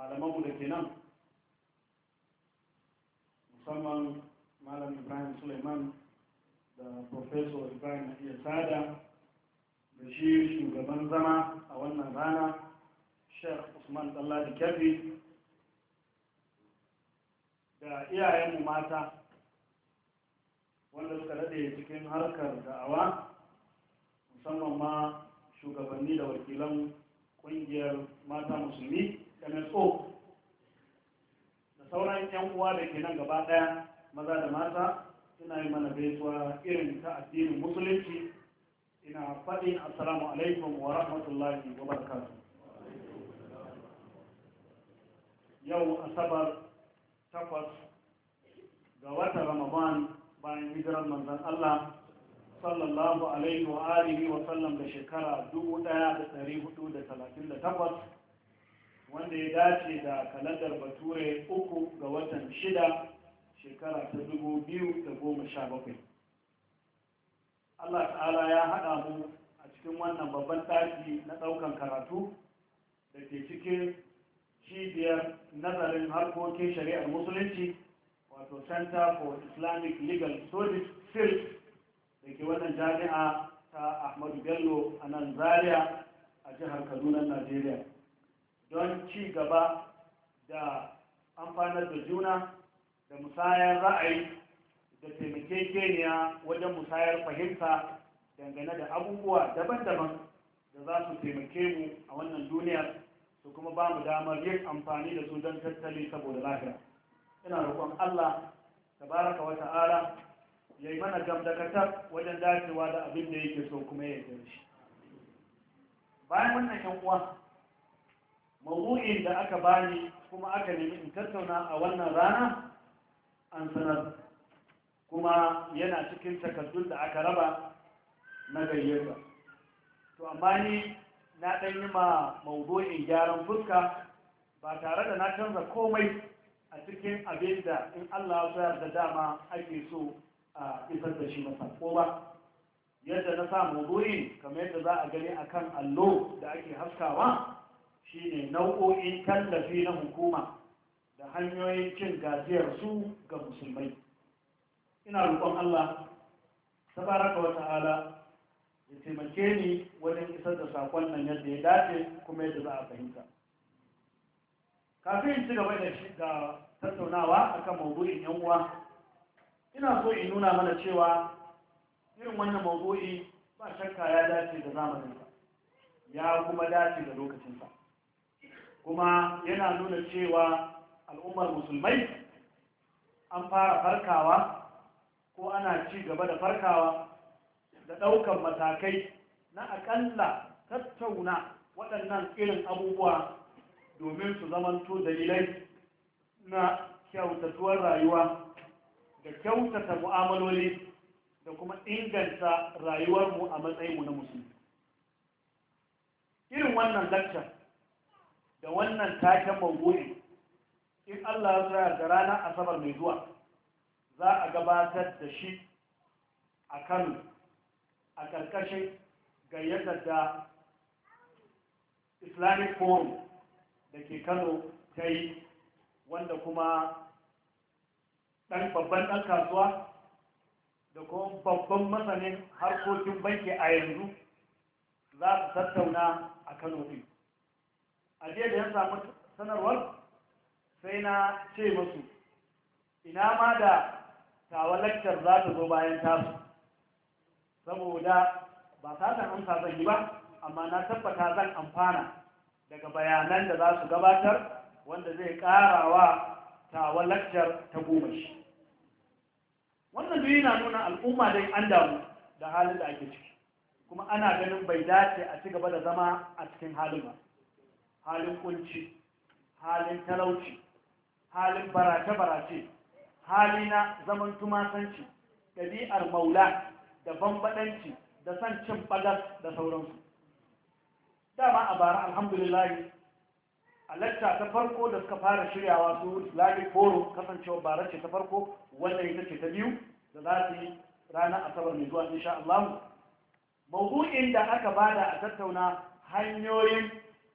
mu da ke nan musamman malam ibrahim suleiman da professor ibrahim iya sada da shi shugaban zama a wannan rana sheikh usman ɗalladi kyafi da iyayenmu mata wanda suka daɗe cikin harkar da'awa musamman ma shugabanni da wakilan ƙungiyar mata musulmi da natso da sauran yan uwa da ke nan gaba daya maza da mata suna yi mana gaisuwa irin ta addinin musulunci ina faɗin assalamu alaikum wa rahmatullahi wa barakatuh yau asabar takwas ga wata ramadan bayan hijirar manzan Allah sallallahu alaihi wa alihi wa sallam da shekara 1438 wanda ya dace da kalandar bature uku ga watan shida shekara ta dubu biyu da goma sha bakwai allah ta'ala ya haɗa mu a cikin wannan babban tashi na ɗaukan karatu da ke cikin cibiyar nazarin harkokin shari'ar musulunci wato center for islamic legal studies field da ke wannan jami'a ta ahmadu bello a nan zaria a jihar kaduna najeriya don ci gaba da amfanar da juna da musayar ra'ayi da taimakekeniya wajen musayar fahimta dangane da abubuwa daban-daban da za su taimake mu a wannan duniyar su kuma ba mu damar yin amfani da su don tattali saboda lafiya ina roƙon allah tabaraka wa ta'ala ya yi mana gamdakatar wajen dacewa da abin da yake so kuma ya yi bayan wannan yan uwa mawu'in da aka bani kuma aka nemi in tattauna a wannan rana an sanar kuma yana cikin takardun da aka raba na gayyata to amma ni na ɗan yi ma mawu'in gyaran fuska ba tare da na canza komai a cikin abin da in Allah ya da dama ake so a isar da shi masa ko ba yadda na sa mawu'in kamar yadda za a gani akan allo da ake haskawa shine nau'o'in tallafi na hukuma da hanyoyin cin gajiyar su ga musulmai ina roƙon Allah tabaraka wa ta'ala ya taimake ni wajen isar da sakon nan yadda ya dace kuma yadda za a fahimta kafin ci gaba da shi da tattaunawa akan mawdu'in yan uwa ina so in nuna mana cewa irin wannan mawdu'i ba shakka ya dace da zamaninsa ya kuma dace da lokacinsa kuma yana nuna cewa al'ummar musulmai an fara farkawa ko ana ci gaba da farkawa da ɗaukan matakai na akalla tattauna waɗannan irin abubuwa domin su zamanto dalilai na kyautatuwar rayuwa da kyautata mu'amaloli da kuma inganta rayuwarmu a matsayinmu na musulmi irin wannan lakcar da wannan taken mawuyin in Allah ya zura da ranar asabar mai zuwa za a gabatar da shi a kano a ƙarƙashin gayyatar da islamic forum da ke kano ta yi wanda kuma ɗan babban ɗan kasuwa da kuma babban masanin harkokin banki a yanzu za su tattauna a kano ɗin a da ya samu sanarwar sai na ce masu ina ma da tawa lakcar za ta zo bayan tasu saboda ba ta san amsa zan yi ba amma na tabbata zan amfana daga bayanan da za su gabatar wanda zai karawa tawa lakcar ta goma shi wannan duk na nuna al'umma dai an damu da halin da ake ciki kuma ana ganin bai dace a ci gaba da zama a cikin halin ba halin kunci halin talauci halin barace-barace hali na zaman tumasanci ɗabi'ar maula da bambaɗanci da san cin bagas da sauransu dama a bara alhamdulillahi a ta farko da suka fara shiryawa su islamic forum kasancewa bara ce ta farko wannan ita ce ta biyu da za su yi ranar asabar mai zuwa insha Allah da aka bada a tattauna hanyoyin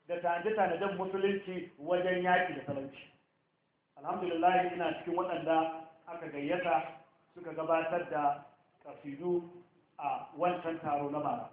da tanaje-tanajen musulunci wajen yaƙi da talauci alhamdulillah ina cikin waɗanda aka gayyata suka gabatar da ƙasidu a wancan taro na bara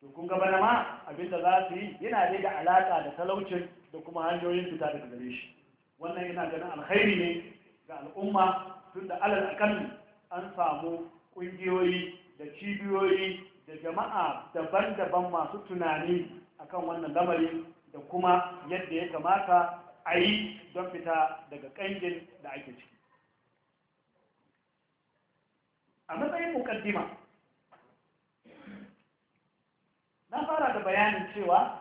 to kun gaba ma abinda za su yi yana dai da alaƙa da talaucin da kuma hanyoyin fita daga gare shi wannan yana ganin alkhairi ne ga al'umma tun da alal akalli an samu ƙungiyoyi da cibiyoyi da jama'a daban-daban masu tunani akan wannan lamarin da kuma yadda ya kamata a yi don fita daga ƙangin da ake ciki a matsayin mukaddima na fara da bayanin cewa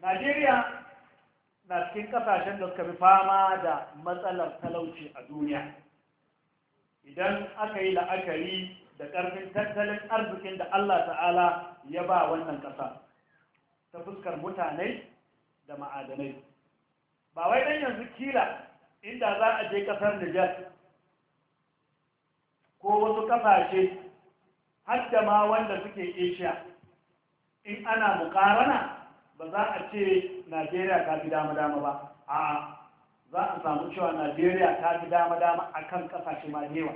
najeriya na cikin kasashen da suka fi fama da matsalar talauci a duniya idan aka yi la'akari da ƙarfin tattalin arzikin da Allah ta'ala ya ba wannan ƙasa ta fuskar mutane da ma'adanai ba wai ɗan yanzu kila inda za a je ƙasar Nijar ko wasu ƙasashe har da ma wanda suke Asia in ana muƙarana ba za a ce Najeriya ta fi dama-dama ba a za a samu cewa Najeriya ta fi dama-dama akan ƙasashe ma yawa.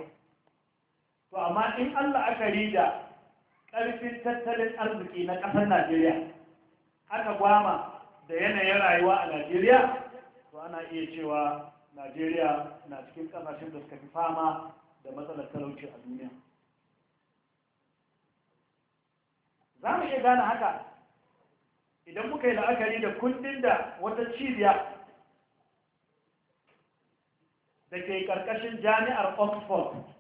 to amma in Allah aka rida ƙarfin tattalin arziki na ƙasar Najeriya aka gwama da yanayin rayuwa a Najeriya to ana iya cewa Najeriya na cikin ƙasashen da suka fi fama da matsalar talauci a duniya za mu iya gane haka idan muka yi la'akari da kundin da wata cibiya da ke ƙarƙashin jami'ar oxford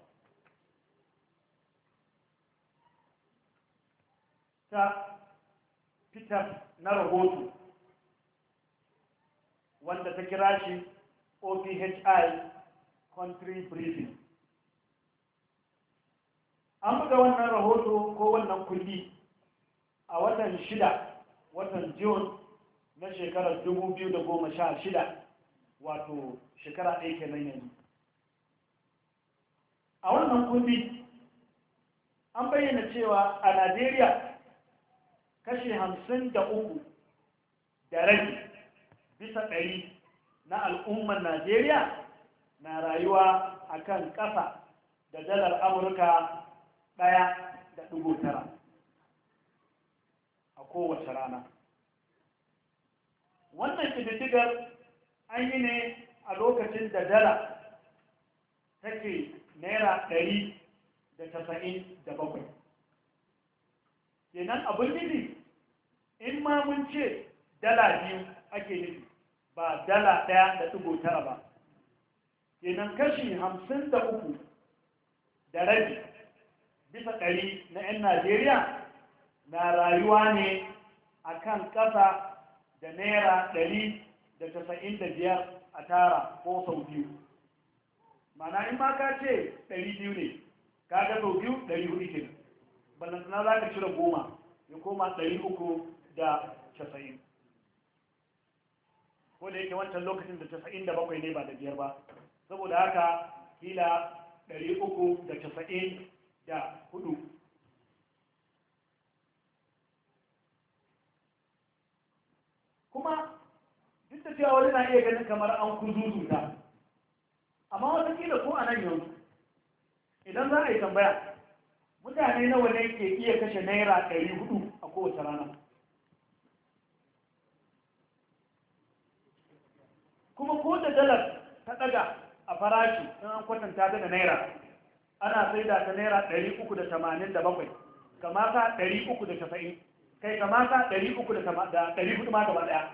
ta fitar na rahoto wanda ta kira shi ophi country briefing an buga wannan rahoto ko wannan kulli a watan shida watan june na shekarar 2016 wato shekara ɗaya nan yanzu a wannan kulli an bayyana cewa a najeriya kashi hamsin da uku da rai bisa ɗari na al'ummar najeriya na rayuwa a kan ƙasa da dalar amurka ɗaya da ɗigo tara a kowace rana wannan ƙididdigar an yi ne a lokacin da dala take naira ɗari da tasa'in da bakwai kenan abin nufi in ma mun ce dala biyu ake nufi ba dala ɗaya da ɗigo tara ba kenan kashi hamsin da uku da rabi bisa ɗari na 'yan najeriya na rayuwa ne a kan ƙasa da naira ɗari da tasa'in da biyar a tara ko sau biyu mana in ma ka ce ɗari biyu ne ka ga sau biyu ɗari hudu kenan balantana za ka cire goma ya koma ɗari uku da casa'in yake wancan lokacin da casa'in da bakwai ne ba da biyar ba saboda haka kila ɗari uku da casa'in da hudu kuma duk da cewa wani na iya ganin kamar an kuzuzuta amma wata kila ko a nan yanzu idan za a yi tambaya mutane nawa ne ke iya kashe naira ɗari hudu a kowace rana kuma ko da dalar ta daga a farashi in an kwatanta ta da naira ana sai da ta naira 387 kamata 390 kai kamata 300 ma gaba daya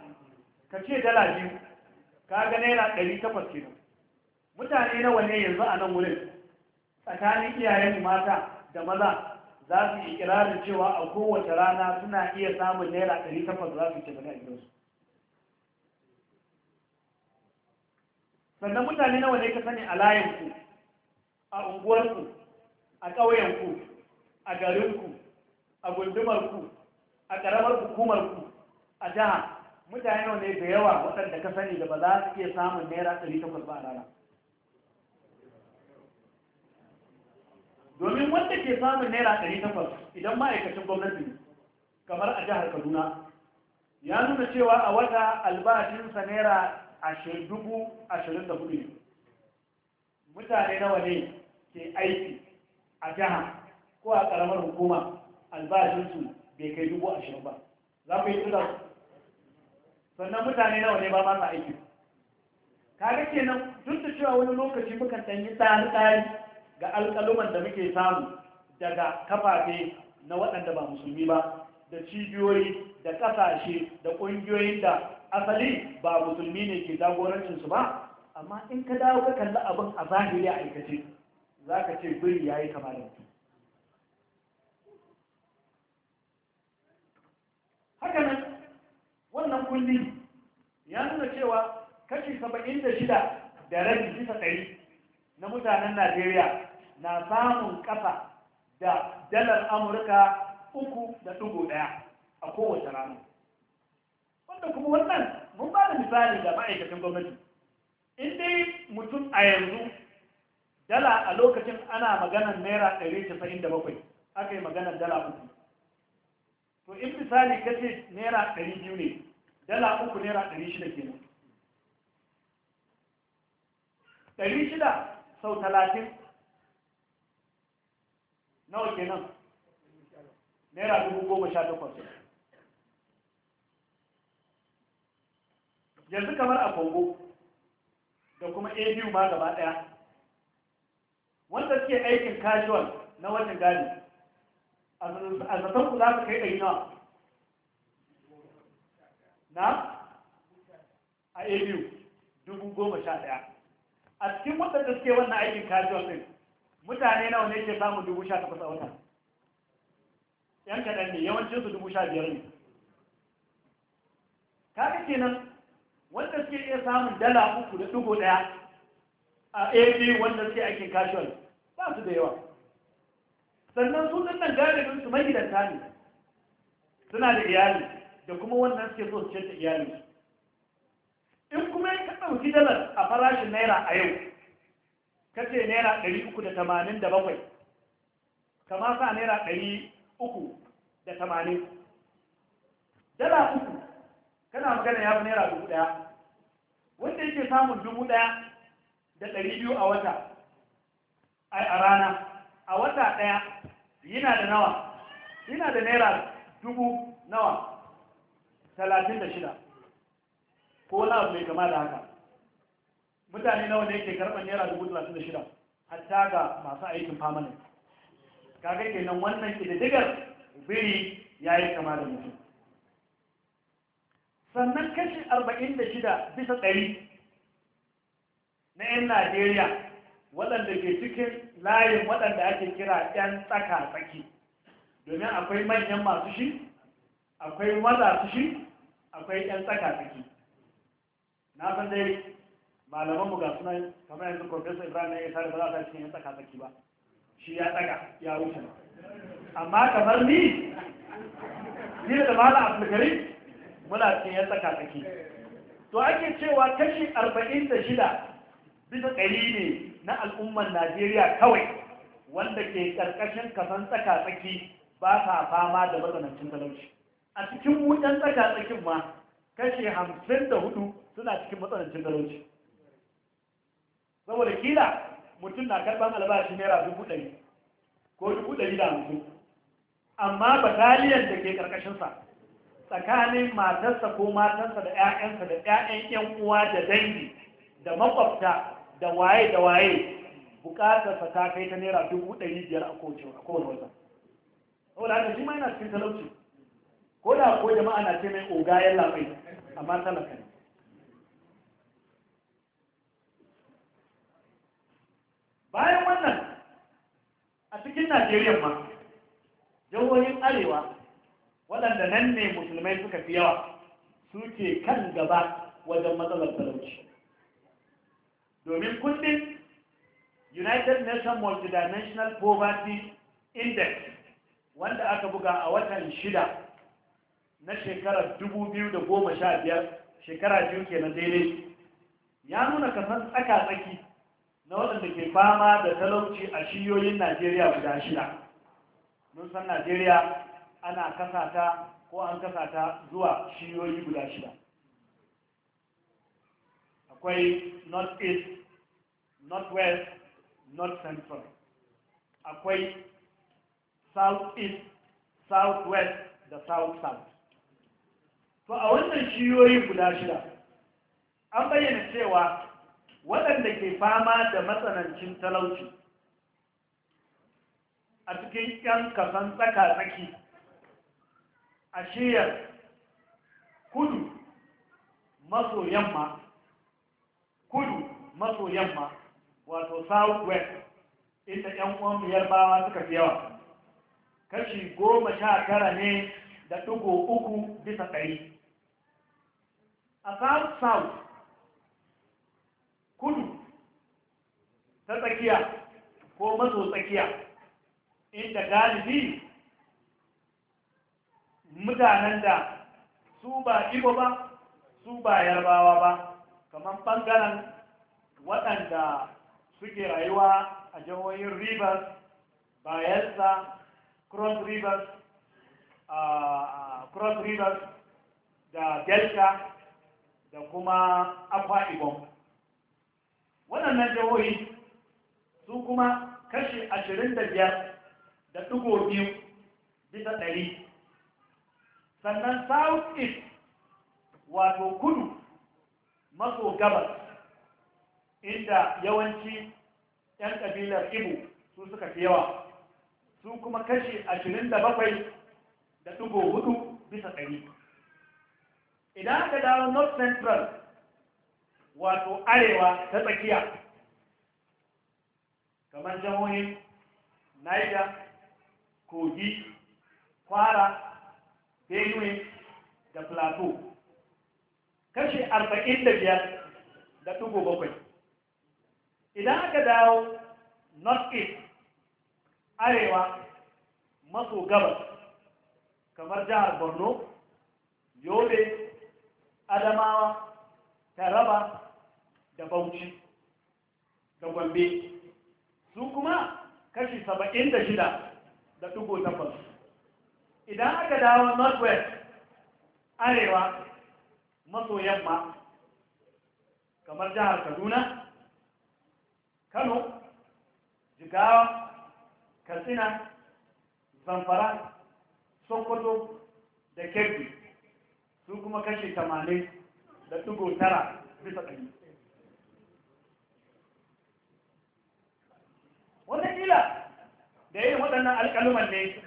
ka ce dala biyu ka ga naira 800 nan. mutane nawa ne yanzu a nan wurin tsakanin iyayen mata da maza za su yi ikirarin cewa a kowace rana suna iya samun naira 800 za su ce bane a gidansu sannan mutane nawa ne ka sani a layinku a unguwarku a ƙauyenku a garinku a gundumarku a ƙaramar hukumarku a jiha mutane nawa ne da yawa waɗanda ka sani da ba za su iya samun naira ɗari takwas ba a rana domin wanda ke samun naira ɗari takwas idan ma'aikacin gwamnati kamar a jihar kaduna ya nuna cewa a wata albashinsa naira ashirin da hudu mutane nawa ne ke aiki a jiha ko a karamar hukuma albashinsu bai kai dubu ashirin ba za ku yi tura sannan mutane nawa ne ba ma sa aiki kaga kenan duk da cewa wani lokaci muka ɗanyi tsari-tsari ga alkaluman da muke samu daga kafafe na waɗanda ba musulmi ba da cibiyoyi da ƙasashe da ƙungiyoyin da asali ba musulmi ne ke su ba amma in ka dawo ka kalli abin a zahiri a aikace za ka ce biri ya yi kama da mutum haka nan wannan kulli ya nuna cewa kashi saba'in da shida da rabi bisa ɗari na mutanen najeriya na samun ƙasa da dalar amurka uku da ɗugo ɗaya a kowace rana da kuma wannan mun ba da misali ga ma'aikatan gwamnati in dai mutum a yanzu dala a lokacin ana maganar naira ɗari casa'in da bakwai aka yi maganar dala uku to in misali ka ce naira ɗari biyu ne dala uku naira ɗari shida kenan ɗari shida sau talatin nawa kenan naira dubu goma sha takwas yanzu kamar a kongo da kuma abu ma gaba daya wanda suke aikin casual na wajen gani a zaton ku za su kai ɗari nawa na a abu dubu goma sha ɗaya a cikin waɗanda suke wannan aikin casual ɗin mutane nawa ne ke samun dubu sha takwas a wata yan kaɗan ne yawancinsu dubu sha biyar ne kaga kenan wanda suke iya samun dala uku da dubu ɗaya a ab wanda suke aikin casual ba su da yawa sannan su ɗin nan galibin su magidanta ne suna da iyali da kuma wannan suke so su canta iyali in kuma ya ka ɗauki dalar a farashin naira a yau ka kace naira ɗari uku da tamanin da bakwai kama sa naira ɗari uku da tamanin dala uku kana magana ya fi naira dubu ɗaya wanda yake samun dubu ɗaya da ɗari biyu a wata a rana a wata ɗaya yana da nawa yana da naira dubu nawa talatin da shida ko wani abu mai gama da haka mutane nawa ne ke karɓar naira dubu talatin da shida hatta ga masu aikin famanin kaga kenan wannan ƙididdigar biri ya yi kama da mutum sannan kashi arba'in da shida bisa ɗari na 'yan najeriya waɗanda ke cikin layin waɗanda ake kira 'yan tsaka-tsaki domin akwai manyan masu shi akwai maza su shi akwai 'yan tsaka-tsaki na san dai mu ga suna kamar yanzu professor ibrahim na isa da ba za ta cikin 'yan tsaka-tsaki ba shi ya tsaka ya wuce amma kamar ni ni da mala abdulkarim muna ce ya saka tsaki to ake cewa kashi 46 bisa ɗari ne na al'ummar najeriya kawai wanda ke ƙarƙashin kasan tsaka tsaki ba sa fama da matsanancin talauci a cikin wutan tsaka tsakin ma kashi 54 suna cikin matsanancin talauci saboda kila mutum na karɓar albashi naira dubu ɗari ko dubu ɗari da hamsin amma bataliyan da ke ƙarƙashinsa tsakanin matarsa ko matarsa da 'ya'yansa da 'ya'yan 'yan uwa da dangi da makwabta da waye da waye bukatarsa ta kai ta naira dubu ɗari biyar a kowane wata saboda haka shi ma yana cikin talauci ko da ko jama'a na ce mai oga yan labai amma talaka ne bayan wannan a cikin najeriya ma jihohin arewa waɗanda nan ne musulmai suka fi yawa suke kan gaba wajen matsalar talauci domin kundin united nations multidimensional poverty index wanda aka buga a watan shida na shekarar 2015 shekara biyu ke na daidai ya nuna kasan tsaka-tsaki na waɗanda ke fama da talauci a shiyoyin najeriya guda shida mun san najeriya ana kasata ko an kasata zuwa shiyoyi guda shida akwai north east north west north central akwai south east south west da south south to a wannan shiyoyi guda shida an bayyana cewa waɗanda ke fama da matsanancin talauci a cikin 'yan kasan tsaka-tsaki a shiyar kudu maso yamma kudu maso yamma wato south west inda yan uwan yarbawa suka fi yawa kashi goma sha tara ne da dugo uku bisa ɗari a south south kudu ta tsakiya ko maso tsakiya inda galibi mutanen da su ba ibo ba su ba yarbawa ba kamar ɓangaren waɗanda suke rayuwa a jihohin rivers bayelsa cross rivers cross rivers da delta da kuma akwa ibom waɗannan jihohi su kuma kashi ashirin da biyar da ɗigo biyu bisa ɗari sannan south east wato kudu maso gabas inda yawanci 'yan kabilar ibo su suka fi yawa su kuma kashi ashirin da bakwai da dubu hudu bisa ɗari idan aka dawo north central wato arewa ta tsakiya kamar jamhuri niger kogi kwara benue da plateau kashi arba'in da biyar da ɗigo bakwai idan aka dawo north east arewa maso gabas kamar jihar borno yobe adamawa taraba da bauchi da gombe su kuma kashi saba'in da shida da ɗigo takwas idan aka dawo northwest arewa maso yamma kamar jihar kaduna kano jigawa katsina zamfara sokoto da kebbi su kuma kashe 80 da dugo tara bisa ɗari wataƙila da yin waɗannan alƙaluman ne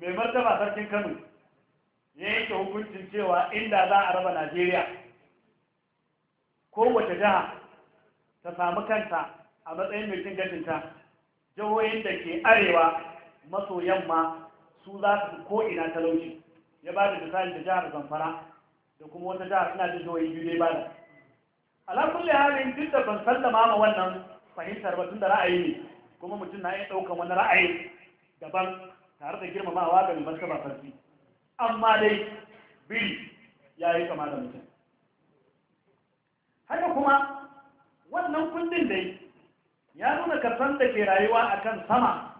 mai martaba sarkin kano ya yanke hukuncin cewa inda za a raba najeriya kowace jiha ta samu kanta a matsayin mai cin ta jihohin da ke arewa maso yamma su za su ko'ina talauci ya ba da misali da jihar zamfara da kuma wata jihar suna da jihohin biyu dai ba da alakulli halin duk da ban sallama ma wannan fahimtar ba tun da ra'ayi ne kuma mutum na iya ɗaukan wani ra'ayi daban tare da girmamawa ga mai farfi amma dai biri ya yi kama da mutum haka kuma wannan kundin dai ya nuna kasan da ke rayuwa a kan sama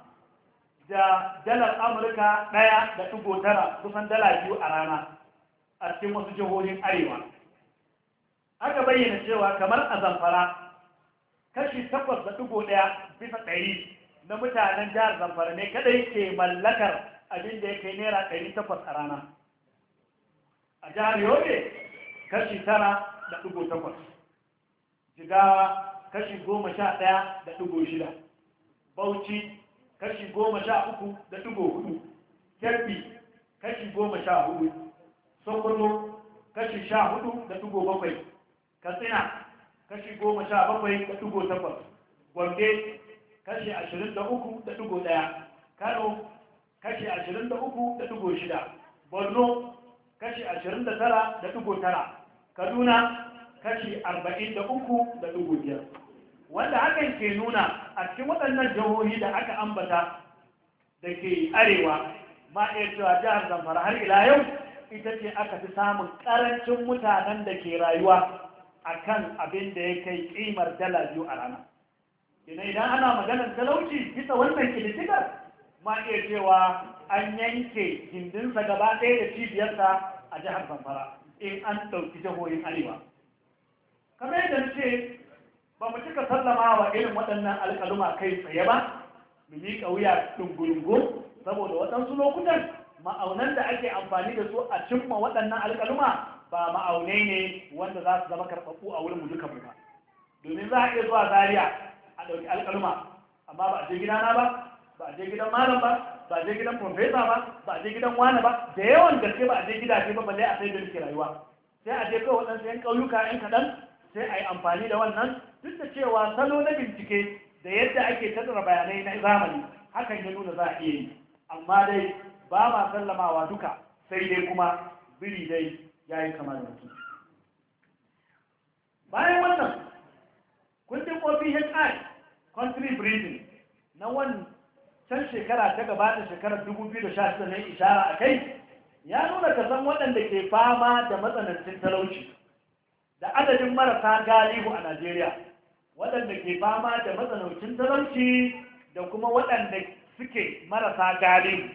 da dalar amurka ɗaya da ɗigo tara kusan dala biyu a rana a cikin wasu jihohin arewa aka bayyana cewa kamar a zamfara kashi takwas da ɗigo ɗaya bisa ɗari na mutanen jihar zamfara ne kadai ke mallakar abin da ya kai naira ɗari takwas a rana a jihar yobe kashi tara da ɗigo takwas jigawa kashi goma sha ɗaya da ɗigo shida bauchi kashi goma sha uku da ɗigo hudu kirbi kashi goma sha hudu sokoto kashi sha hudu da ɗigo bakwai katsina kashi goma sha bakwai da ɗigo takwas gombe kashi 23.1 Kano kashi 23.6 Borno kashi 29.9 Kaduna kashi 43.5 wanda hakan ke nuna a cikin waɗannan jihohi da aka ambata da ke arewa ma iya cewa jihar zamfara har ila yau ita ce aka fi samun ƙarancin mutanen da ke rayuwa akan kan abin da ya kai ƙimar dala biyu a rana Ina idan ana maganar talauci bisa wannan kilitikar ma iya cewa an yanke gindinsa gaba ɗaya da cibiyarsa a jihar Zamfara in an ɗauki jihohin Arewa. Kamar yadda ce ba mu cika sallama wa irin waɗannan alƙaluma kai tsaye ba, mu yi ƙauya ɗungurungu saboda waɗansu lokutan ma'aunan da ake amfani da su a cimma waɗannan alƙaluma ba ma'aunai ne wanda za su zama karɓaɓɓu a wurin mu ba. Domin za a iya zuwa Zariya. ɗauki alƙalma amma ba a je gidana ba ba a je gidan malam ba ba a je gidan profesa ba ba a je gidan wani ba da yawan gaske ba a je gida ba balle a sai da nake rayuwa sai a je kawai waɗansu yan ƙauyuka ƴan kaɗan sai a yi amfani da wannan duk da cewa salo na bincike da yadda ake tattara bayanai na zamani hakan ya nuna za a iya yi amma dai ba ma sallamawa duka sai dai kuma biri dai ya yi kama da mutum bayan wannan kundin ophi country breeding na wancan shekara ta gabata shekarar 2016 na ishara a kai ya nuna ka san waɗanda ke fama da matsanancin talauci da adadin marasa galihu a najeriya waɗanda ke fama da matsanancin talauci da kuma waɗanda suke marasa galihu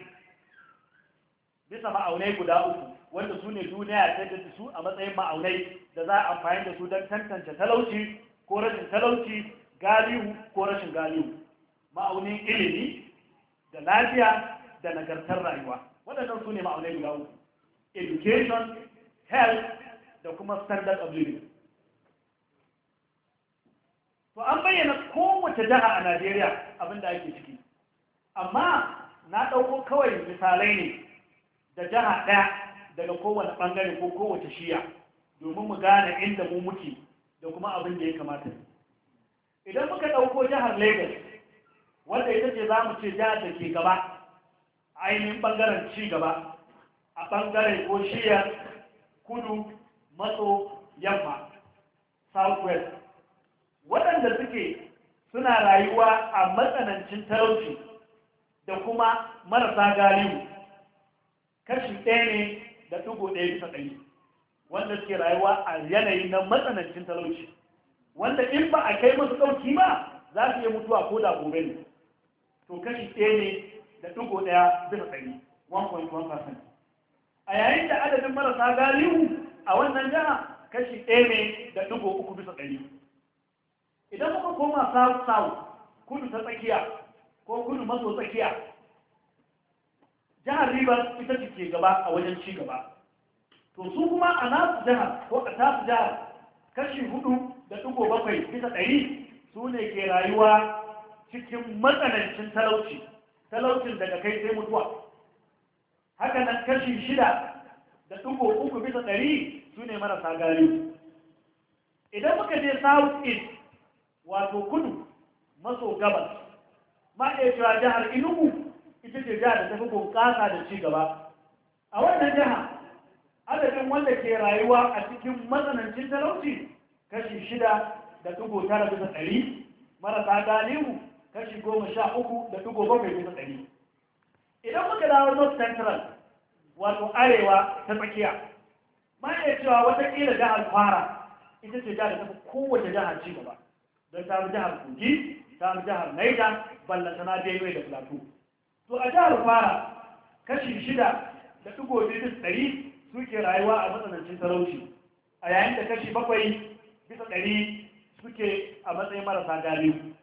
bisa ma'aunai guda uku wanda su ne duniya ta da su a matsayin ma'aunai da za a amfani da su don tantance talauci ko rashin talauci galihu ko rashin galihu ma'aunin ilimi da lafiya da nagartar rayuwa waɗannan su ne ma'aunai guda uku education health da kuma standard of living to an bayyana kowace jiha a najeriya abinda ake ciki amma na ɗauko kawai misalai ne da jiha ɗaya daga kowane ɓangare ko kowace shiya domin mu gane inda mu muke da kuma abin da ya kamata idan muka ɗauko jihar lagos wanda ita ce za mu ce jihar da ke gaba ainihin ɓangaren ci gaba a ɓangaren ko shiyar kudu matso yamma southwest waɗanda suke suna rayuwa a matsanancin talauci da kuma marasa galihu kashi ɗaya ne da ɗigo ɗaya bisa ɗari wanda suke rayuwa a yanayi na matsanancin talauci wanda in ba a kai musu ɗauki ba za su iya mutuwa ko da gobe ne to kashi ɗaya ne da ɗigo ɗaya bisa ɗari 1.1% a yayin da adadin marasa galihu a wannan jiha kashi ɗaya ne da ɗigo uku bisa ɗari idan muka koma south kudu ta tsakiya ko kudu maso tsakiya jihar riba ita ce ke gaba a wajen ci gaba to su kuma a nasu jihar ko a tasu jihar kashi hudu da ɗigo bakwai bisa ɗari su ne ke rayuwa cikin matsanancin talauci talaucin daga kai sai mutuwa haka nan kashi shida da ɗigo uku bisa ɗari su ne marasa gari idan muka je south east wato kudu maso gabas ma iya cewa jihar inugu ita ce jihar da tafi bunƙasa da ci gaba a wannan jiha adadin wanda ke rayuwa a cikin matsanancin talauci kashi shida da dugo tara bisa ɗari marasa galihu kashi goma sha uku da dugo bakwai bisa ɗari idan muka dawo north central wato arewa ta tsakiya ma iya cewa watakila jihar fara ita ce jihar da ta fi kowace jihar ci gaba don samun jihar kogi samun jihar naija na benue da plateau to a jihar fara kashi shida da dugo biyu bisa ɗari suke rayuwa a matsanancin sarauci a yayin da kashi bakwai bisa ɗari suke a matsayin marasa galibu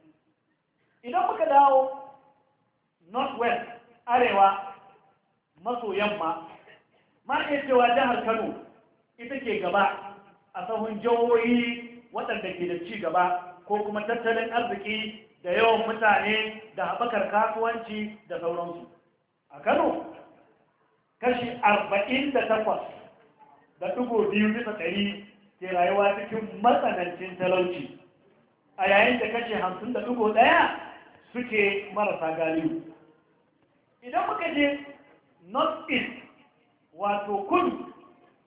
idan muka dawo northwest arewa maso yamma ma iya cewa jihar kano ita ke gaba a sahun jihohi waɗanda ke da ci gaba ko kuma tattalin arziki da yawan mutane da haɓakar kasuwanci da sauransu a kano kashi arba'in da takwas da ɗigo biyu bisa ɗari ke rayuwa cikin matsanancin talauci a yayin da kashe hamsin da dubu ɗaya suke marasa galibu idan muka je north east wato kun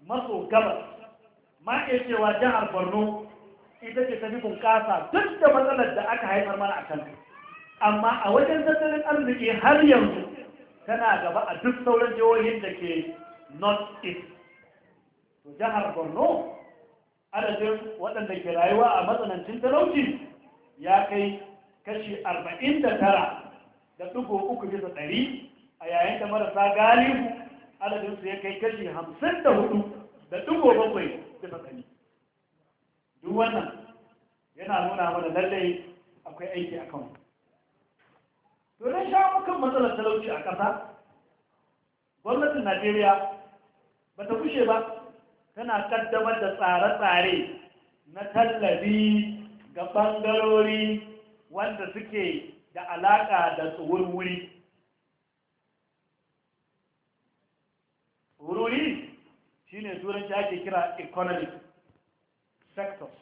maso gabas ma iya cewa jihar borno ita ce ta fi bunƙasa duk da matsalar da aka haifar mana a kanta amma a wajen tattalin arziki har yanzu tana gaba a duk sauran jihohin da ke north east jihar borno adadin waɗanda ke rayuwa a matsanancin talauci ya kai kashi arba'in da tara ɗigo uku bisa ɗari a yayin da marasa galihu adadinsu ya kai kashi hamsin da hudu da ɗigo bakwai bisa ɗari duk wannan yana nuna mana lallai akwai aiki a kan to sha kan matsalar talauci a ƙasa gwamnatin najeriya ba ta kushe ba tana kaddamar da tsare-tsare na tallabi ga ɓangarori wanda suke da alaƙa da tsuwurwuri wuri shi ne turanci ake kira economic sectors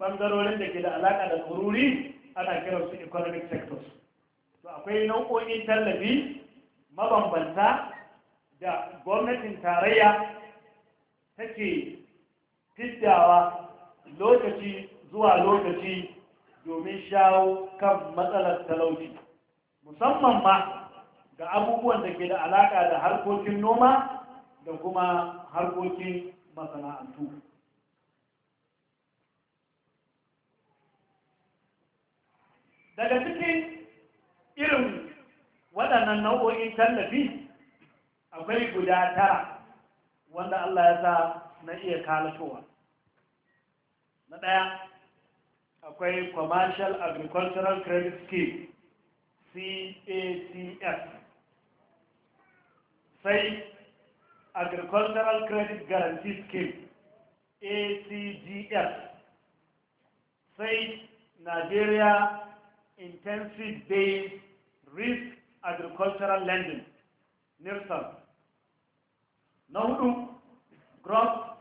ɓangarorin da ke da alaƙa da tsuwurwuri ana kiransu economic sectors to akwai nau'o'in tallafi mabambanta da gwamnatin tarayya take fiddawa lokaci zuwa lokaci domin shawo kan matsalar talauci musamman ma ga abubuwan da ke da alaƙa da harkokin noma da kuma harkokin masana'antu daga cikin irin waɗannan nau'o'in tallafi akwai guda tara wanda Allah ya sa na iya kalatowa na ɗaya akwai commercial agricultural credit scheme catf sai agricultural credit guarantee scheme acgf sai nigeria intensive based risk agricultural lending nirsan Na hudu, Growth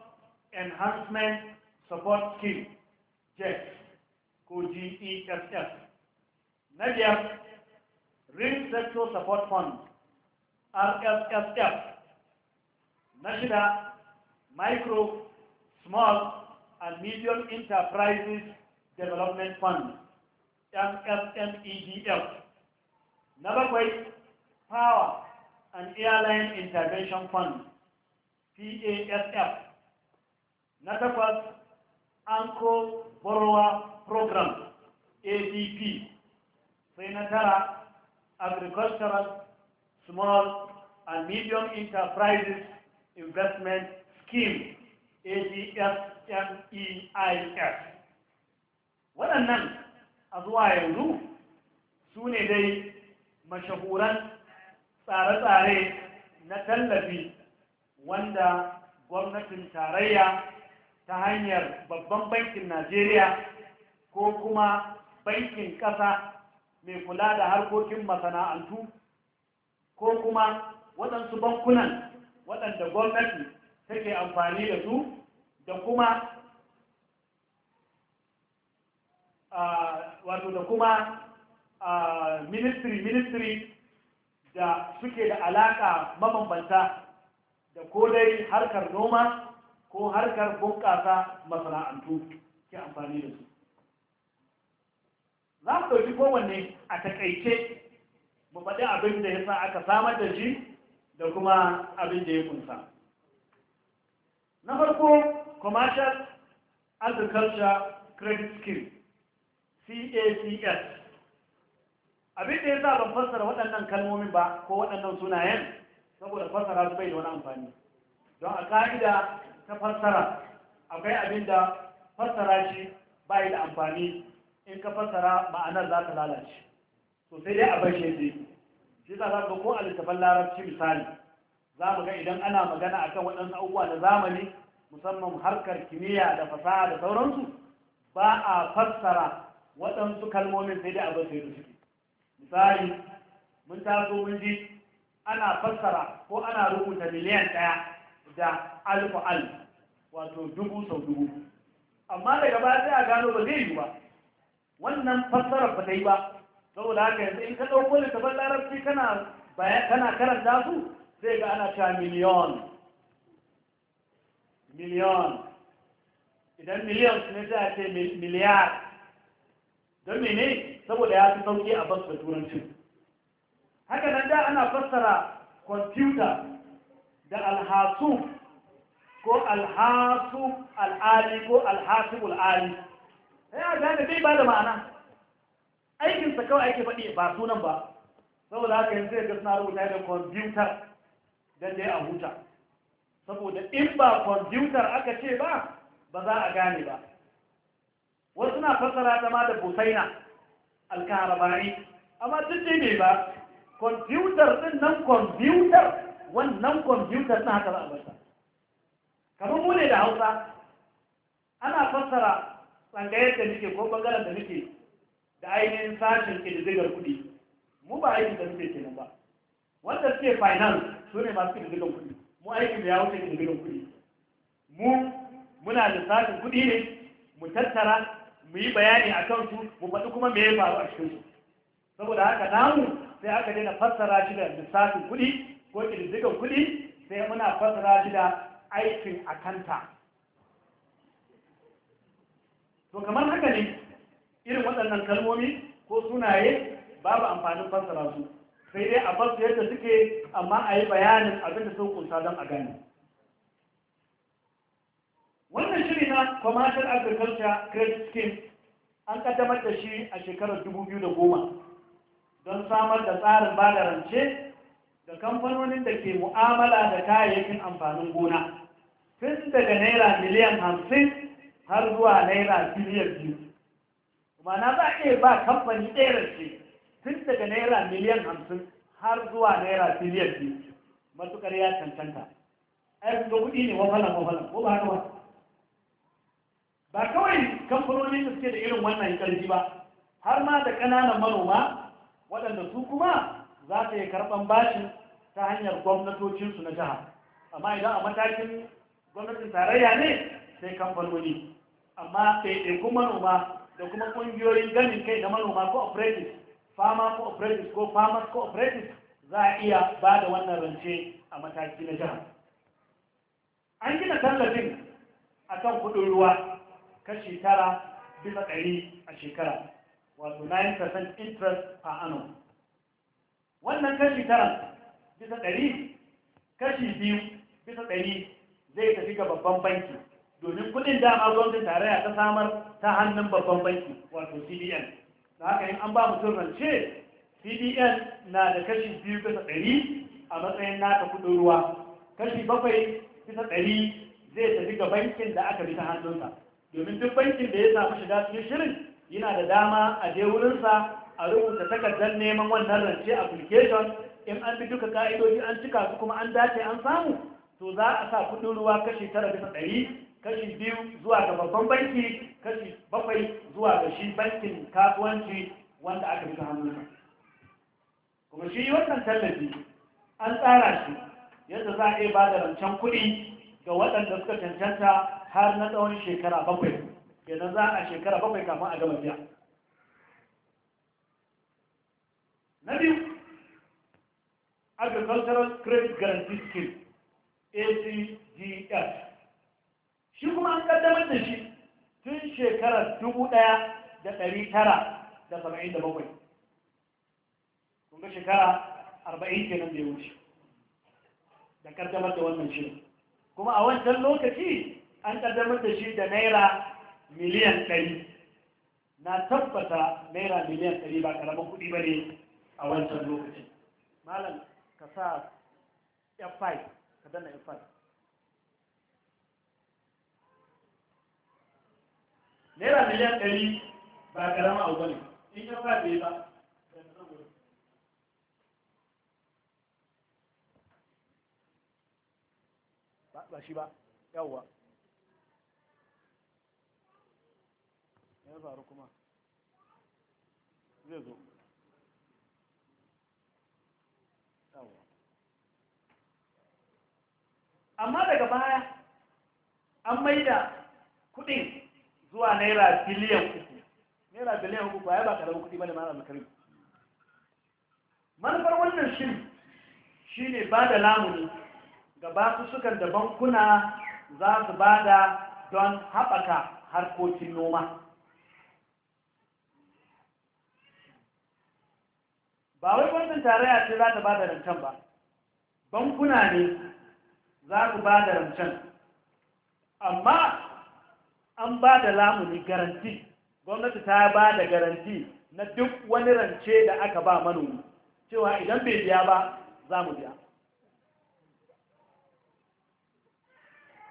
Enhancement Support Scheme, JESS, ko GESS. Na Real Sector Support Fund, RSSF. Nashida Micro, Small, and Medium Enterprises Development Fund, MSMEDF. Na Power and Airline Intervention Fund, PASF na takwas Anko borowa Program ADP sai na tara Agricultural Small and Medium Enterprises Investment Scheme ADSMEIS e waɗannan a zuwa yanzu su ne dai mashahuran tsare-tsare na tallafi wanda gwamnatin tarayya ta hanyar babban bankin najeriya ko kuma bankin ƙasa mai kula da harkokin masana'antu ko kuma waɗansu bankunan waɗanda gwamnati take amfani da su da kuma wato da kuma ministry ministry da suke da alaƙa mabambanta da ko dai harkar noma ko harkar bunƙasa masana'antu ke amfani da su za su ɗauki kowanne a taƙaice mu faɗi abin da ya sa aka samar da shi da kuma abin da ya kunsa na farko commercial agriculture credit scheme cacs abin da ya sa ban fassara waɗannan kalmomin ba ko waɗannan sunayen saboda fassara su bai da wani amfani don a ka'ida ta fassara akwai abin da fassara shi bai da amfani in ka fassara ma'anar za ta lalace to sai dai a bar shi ne shi za ga ko a littafin larabci misali za mu ga idan ana magana a kan waɗansu abubuwa na zamani musamman harkar kimiyya da fasaha da sauransu ba a fassara waɗansu kalmomin sai dai a bar ne misali mun taso mun ji ana fassara ko ana rubuta miliyan ɗaya da alfa'al al wato dubu sau dubu amma daga baya sai a gano ba zai yi ba wannan fassara ba ta yi ba saboda haka yanzu in ka ɗauko littafin larabci kana kana karanta su sai ga ana cewa miliyon miliyon idan miliyon su ne sai ce miliyar don mene saboda ya fi sauki a basu da turancin haka nan da ana fassara kwamfuta da alhasu ko alhasu al'ali ko alhasu al'ali ya gane bai ba da ma'ana aikinsa kawai ake faɗi ba sunan ba saboda haka yanzu ya suna rubuta da kwamfutar da dai a huta saboda in ba kwamfutar aka ce ba ba za a gane ba wasu na fassara ta ma da busaina alkaharabari amma duk ne ba kwamfutar ɗin nan kwamfutar wannan kwamfutar na haka za a kamar mu ne da hausa ana fassara tsangayar da muke ko bangaren da muke da ainihin sashen ƙididdigar kuɗi mu ba aiki da muke kenan ba wanda suke finance su ne masu ƙididdigar kuɗi mu aiki da ya wuce ƙididdigar kuɗi mu muna da sashen kuɗi ne mu tattara mu yi bayani a kansu mu faɗi kuma me ya faru a cikinsu saboda haka namu sai aka daina fassara shi da lissafin kuɗi ko ƙididdigan kuɗi sai muna fassara shi da aikin akanta to kamar haka ne irin waɗannan kalmomi ko sunaye babu amfanin fassara su sai dai a fassu yadda suke amma a yi bayanin abin da sun kunsa don a gani wannan shiri na commercial agriculture credit scheme an kaddamar da shi a shekarar 2010 don samar da tsarin ba da rance da kamfanonin da ke mu'amala da kayayyakin amfanin gona tun daga naira miliyan hamsin har zuwa naira biliyan biyu kuma na za a iya ba kamfani ɗaya rance tun daga naira miliyan hamsin har zuwa naira biliyan biyu Matukar ya cancanta ai ga kuɗi ne wafalan wafalan ko ba haka ba ba kawai kamfanonin da suke da irin wannan ƙarfi ba har ma da ƙananan manoma waɗanda su kuma za ta yi karɓan bashin ta hanyar gwamnatocinsu na jiha amma idan a matakin gwamnatin tarayya ne sai kamfanoni amma ɗaiɗaikun manoma da kuma ƙungiyoyin ganin kai da manoma ko farmer fama ko farmers operatives za a iya ba da wannan rance a mataki na jiha an gina tallafin a kan kuɗin ruwa kashi tara bisa ɗari a shekara wato 9% interest a ano wannan kashi tara bisa ɗari kashi biyu bisa ɗari zai tafi ga babban banki domin kudin dama gwamnatin tarayya ta samar ta hannun babban banki wato cbn da haka yin an ba mu turance cbn na da kashi biyu bisa ɗari a matsayin nata kudin ruwa kashi bakwai bisa ɗari zai tafi ga bankin da aka bi ta hannunsa domin duk bankin da ya samu shiga cikin shirin yana da dama a je wurinsa a rubuta takardar neman wannan rance application in an bi duka ka'idoji an cika su kuma an dace an samu to za a sa kudin ruwa kashi tara bisa ɗari kashi biyu zuwa ga babban banki kashi bakwai zuwa ga shi bankin kasuwanci wanda aka bi hannu kuma shi wannan tallafi an tsara shi yadda za a iya ba da rancen kuɗi ga waɗanda suka cancanta har na tsawon shekara bakwai kenan za a shekara bakwai kafin a gama biya na biyu agricultural credit guarantee scheme acgs shi kuma an kaddamar da shi tun shekarar dubu ɗaya da ɗari tara da saba'in da bakwai kun ga shekara arba'in kenan da ya wuce da kaddamar da wannan shi. kuma a wancan lokaci an kaddamar da shi da naira miliyan ɗari na tabbata naira miliyan ɗari ba ƙaramin kuɗi ba ne a wancan lokaci malam ka sa f5 ka danna f5 naira miliyan ɗari ba ƙaramin abu ba ne in f5 bai ba ba shi ba yawwa ya faru kuma zai zo amma daga baya an maida kudin zuwa naira biliyan uku naira biliyan uku ya ba karamin kudi ba da mara makarin manufar wannan shi shi ne ba da lamuni ga basussukan da bankuna za su ba da don haɓaka harkokin noma ba wai gwamnatin tarayya ce za ta ba da rancen ba bankuna ne za su ba da rancen amma an ba da lamuni garanti gwamnati ta ba da garanti na duk wani rance da aka ba manomi cewa idan bai biya ba za mu biya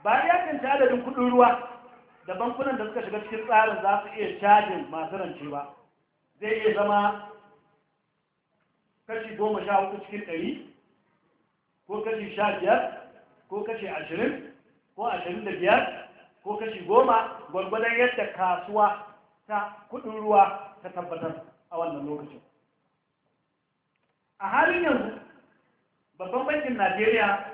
ba ya kanci adadin kudin ruwa da bankunan da suka shiga cikin tsarin za su iya cajin masu rance ba zai iya zama kashi goma sha hudu cikin ɗari ko kashi sha biyar ko kashi ashirin ko ashirin da biyar ko kashi goma gwargwadon yadda kasuwa ta kudin ruwa ta tabbatar a wannan lokacin a halin yanzu babban bankin najeriya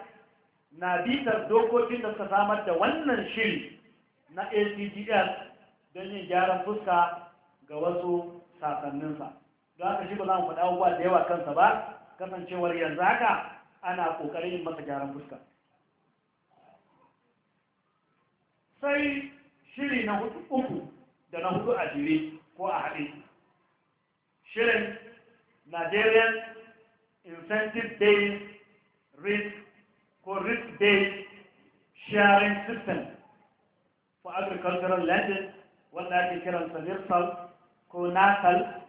na bitar dokokin da suka samar da wannan shiri na acds don yin gyaran fuska ga wasu sasanninsa don haka shi ba za mu faɗa abubuwa da yawa kansa ba kasancewar yanzu haka ana ƙoƙarin yin masa gyaran fuska sai shiri na hudu uku da na hudu a jere ko a haɗe shirin nigerian incentive based risk ko risk based sharing system for agricultural lending wanda ake kiransa nirsal ko nasal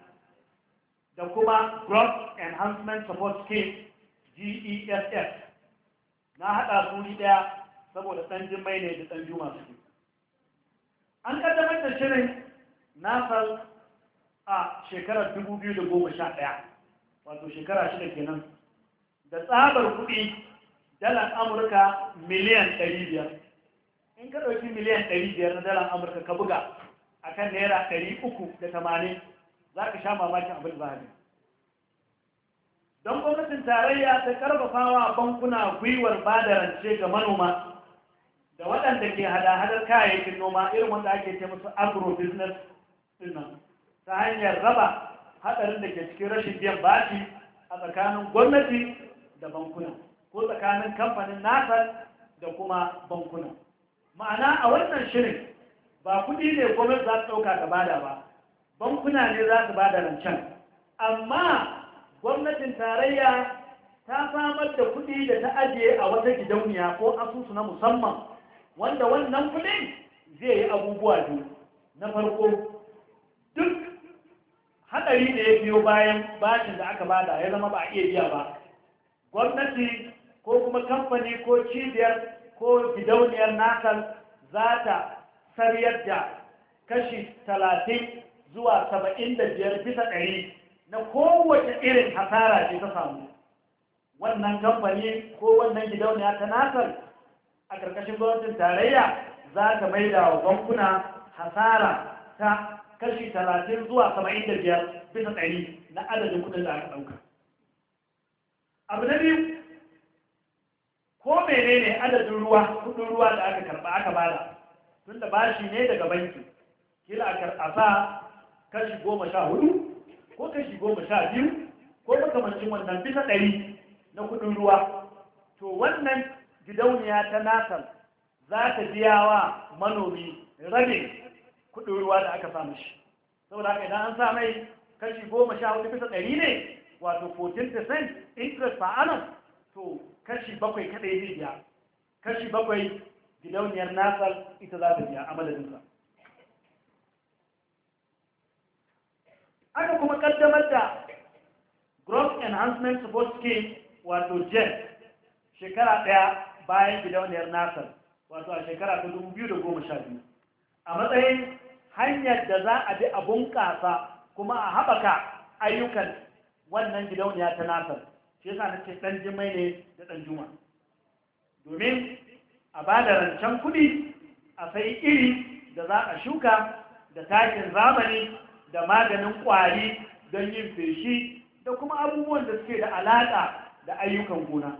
da kuma growth enhancement support scheme GESF na haɗa suri ɗaya saboda ɗan jimai ne da ɗan juma su an ƙaddamar da shirin nasar a shekarar 2011 wato shekara shida kenan da tsabar kuɗi dalar amurka miliyan 500 in ka ɗauki miliyan 500 na dalar amurka ka buga a kan naira tamanin. za ka sha mamakin abin za a don gwamnatin tarayya ta karfafawa bankuna gwiwar ba da rance ga manoma da waɗanda ke hada-hadar kayayyakin noma irin wanda ake ce musu agro-business dinnan ta hanyar raba haɗarin da ke cikin rashin biyan bashi a tsakanin gwamnati da bankuna ko tsakanin kamfanin nasa da kuma bankuna ma'ana a wannan shirin ba kuɗi ne gwamnati za ta ɗauka gaba da ba bankuna ne za su ba da rancen amma gwamnatin tarayya ta samar da kuɗi da ta ajiye a wata gidauniya ko asusu na musamman wanda wannan kuɗin zai yi abubuwa biyu na farko duk haɗari da ya biyo bayan bashin da aka bada ya zama ba a iya biya ba gwamnati ko kuma kamfani ko cibiyar ko gidauniyar nasar za ta sariyar da kashi talatin zuwa saba'in da biyar bisa ɗari na kowace irin hasara ce ta samu wannan kamfani ko wannan gidauniya ta nasar a ƙarƙashin gwamnatin tarayya za ta da wa bankuna hasara ta kashi talatin zuwa saba'in da biyar bisa ɗari na adadin kuɗin da aka ɗauka abu na biyu ko menene adadin ruwa kuɗin ruwa da aka karɓa aka bada tunda bashi ne daga banki kila a karɓa kashi goma sha hudu ko kashi goma sha biyu ko makamancin wannan bisa ɗari na kudin ruwa to wannan gidauniya ta nasan za ta biya wa manomi rabin kudin ruwa da aka samu shi saboda haka idan an sa mai kashi goma sha hudu bisa ɗari ne wato 14% interest per annum to kashi bakwai kaɗai zai biya kashi bakwai gidauniyar nasar ita za ta biya a madadinsa haka kuma kaddamar da growth enhancement support scheme wato jet shekara daya bayan gidauniyar nasar wato a shekara ta 2012 a matsayin hanyar da za a bi a bunƙasa kuma a haɓaka ayyukan wannan gidauniya ta nasar shi yasa nake ɗan jimai ne da ɗan juma domin a ba da rancen kuɗi a sai iri da za a shuka da takin zamani da maganin ƙwari don yin feshi da kuma abubuwan da suke da alaƙa da ayyukan gona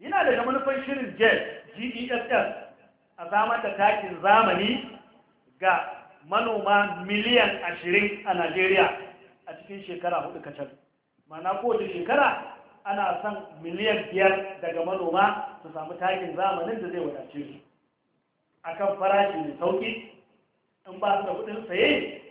yana daga manufan shirin jet gess e a samar da takin zamani ga manoma miliyan ashirin a najeriya a cikin shekara hudu kacal mana kowace shekara ana son miliyan biyar daga manoma su samu takin zamanin da zai wadace su akan farashi mai sauƙi. in ba su da kudin saye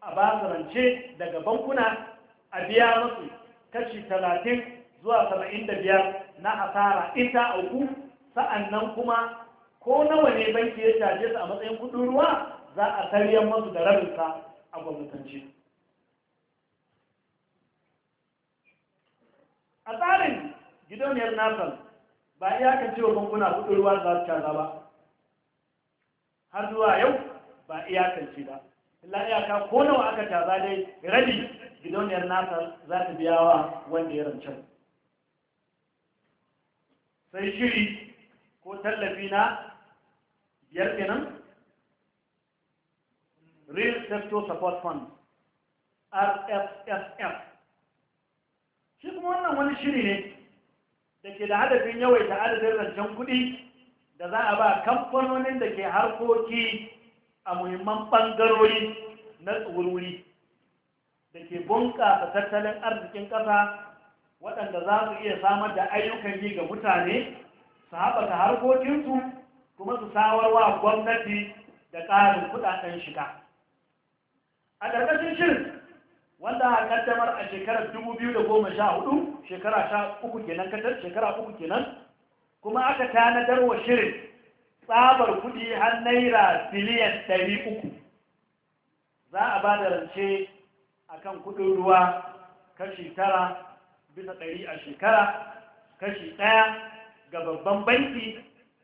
a ba su rance daga bankuna a biya masu kashi talatin zuwa saba'in da biyar na asara ita uku sa'annan kuma ko nawa ne banki ya caje su a matsayin kudin ruwa za a saryan masu da rabinsa a gwamnatance a tsarin gidauniyar nasan ba kan cewa bankuna kudin ruwa za su caza ba har zuwa yau ba iyakance ba illa iyaka ko nawa aka taza dai rabi gidauniyar nasa za ta biya wa wanda ya rancen sai shiri ko tallafi na biyar kenan real sector support fund rfsf shi kuma wannan wani shiri ne da ke da hadafin yawaita adadin rancen kuɗi da za a ba kamfanonin da ke harkoki a muhimman ɓangarori na tsururi da ke bunƙasa tattalin arzikin ƙasa waɗanda za su iya samar da ayyukan yi ga mutane su haɓaka harkokinsu kuma su sawarwa gwamnati da ƙarin kuɗaɗen shiga a ƙarƙashin shirin wanda a kaddamar a shekarar 2014 shekara uku kenan kenan kuma aka tanadar wa shirin tsabar kuɗi har naira biliyan ɗari uku za a ba da rance a kan kuɗin ruwa kashi tara bisa ɗari a shekara kashi ɗaya ga babban banki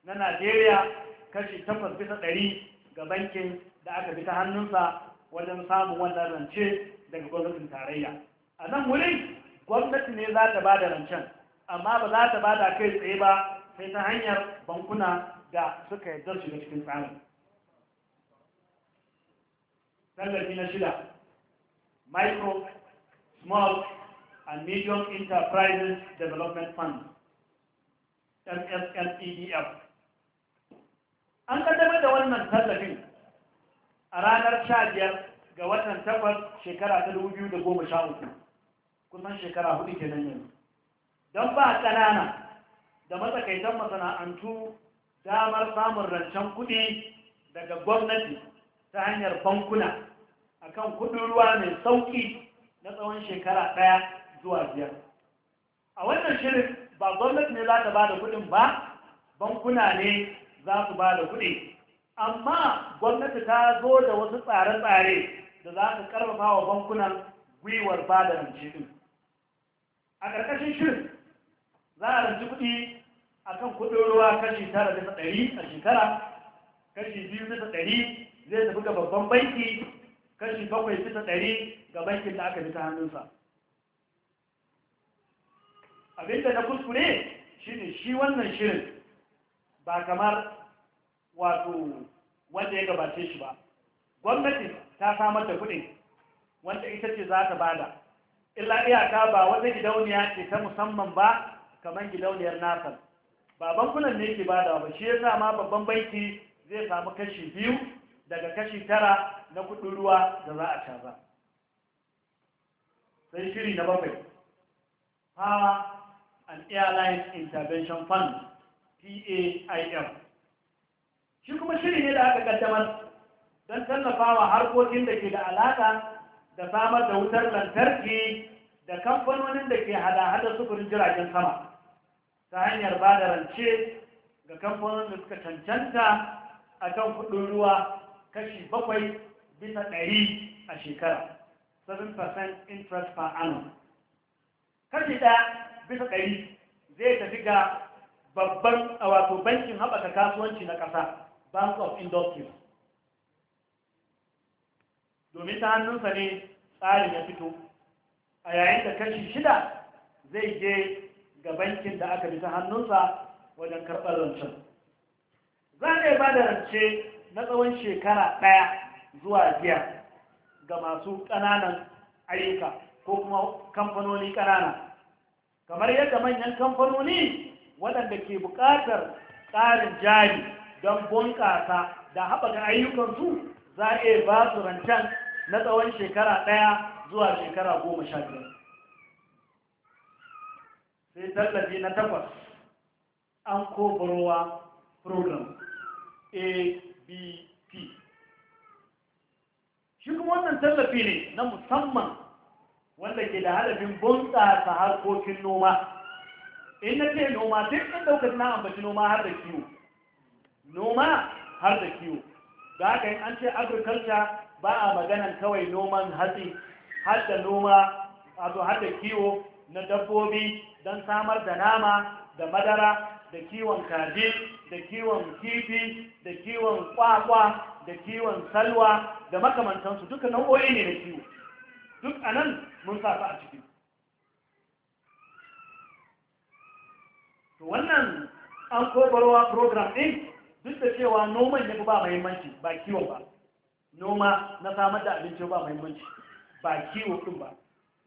na najeriya kashi takwas bisa ɗari ga bankin da aka bi ta hannunsa wajen samun wannan rance daga gwamnatin tarayya a nan wurin gwamnati ne za ta ba da rancen amma ba za ta ba da kai tsaye ba sai ta hanyar bankuna da suka yadda shiga cikin tsarin tallafi na shida micro small and medium enterprises development fund msmedf an kaddamar da wannan tallafin a ranar 15 ga watan takwas shekara ta 2013 kusan shekara hudu kenan yanzu don ba ƙanana da matsakaitan masana'antu damar samun rancen kuɗi daga gwamnati ta hanyar bankuna akan kuɗin ruwa mai sauƙi na tsawon shekara ɗaya zuwa biyar a wannan shirin ba gwamnati ne za ta ba da kuɗin ba bankuna ne za su ba da kuɗi amma gwamnati ta zo da wasu tsare-tsare da za su karfafa wa bankunan gwiwar ba da rance a ƙarƙashin shirin za a ranci kuɗi akan kudin ruwa kashi tara bisa ɗari a shekara kashi biyu bisa ɗari zai tafi ga babban banki kashi bakwai bisa ɗari ga bankin da aka bi ta hannunsa abinda na kuskure shi ne shi wannan shirin ba kamar wato wanda ya gabace shi ba gwamnati ta samar da kuɗi wanda ita ce za ta bada illa iyaka ba wata gidauniya ce ta musamman ba kamar gidauniyar nasar Baban bankunan ne ke bada ba shi yasa ma babban banki zai samu kashi biyu daga kashi tara na kudin ruwa da za a caza sai shiri na bakwai power and airline intervention fund paif shi kuma shiri ne da aka kaddamar don tallafawa harkokin da ke da alaƙa da samar da wutar lantarki da kamfanonin da ke hada-hada sufurin jiragen sama ta hanyar ba da rance ga kamfanin da suka cancanta a kan kudin ruwa kashi bakwai bisa ɗari a shekara 7% interest per annum kashi ɗaya bisa ɗari zai tafi ga babban a wato bankin haɓaka kasuwanci na ƙasa bank of industry domin ta hannunsa ne tsarin ya fito a yayin da kashi shida zai je ga bankin da aka bisa hannunsa wajen karɓar rancen za a iya ba da rance na tsawon shekara ɗaya zuwa biya ga masu ƙananan ayyuka ko kuma kamfanoni ƙanana kamar yadda manyan kamfanoni waɗanda ke buƙatar ƙarin jari don bunƙasa da haɓaka ayyukansu za a iya ba su rancen na tsawon shekara ɗaya zuwa shekara goma sha biyar sai tallafi na takwas an ko barowa program abp shi kuma wannan tallafi ne na musamman wanda ke da halafin ta harkokin noma in na ce noma duk in daukar na ambaci noma har da kiwo noma har da kiwo da haka yin an ce agriculture ba a maganan kawai noman hatsi har da noma har da kiwo na dabbobi don samar da nama da madara da kiwon kaji da kiwon kifi da kiwon kwakwa da kiwon salwa da makamantansu duka nau'o'i ne na kiwo duk a nan mun sa a ciki wannan an kobarwa program ɗin duk da cewa noman ya ba mahimmanci ba kiwon ba noma na samar da abinci ba mahimmanci ba kiwo ɗin ba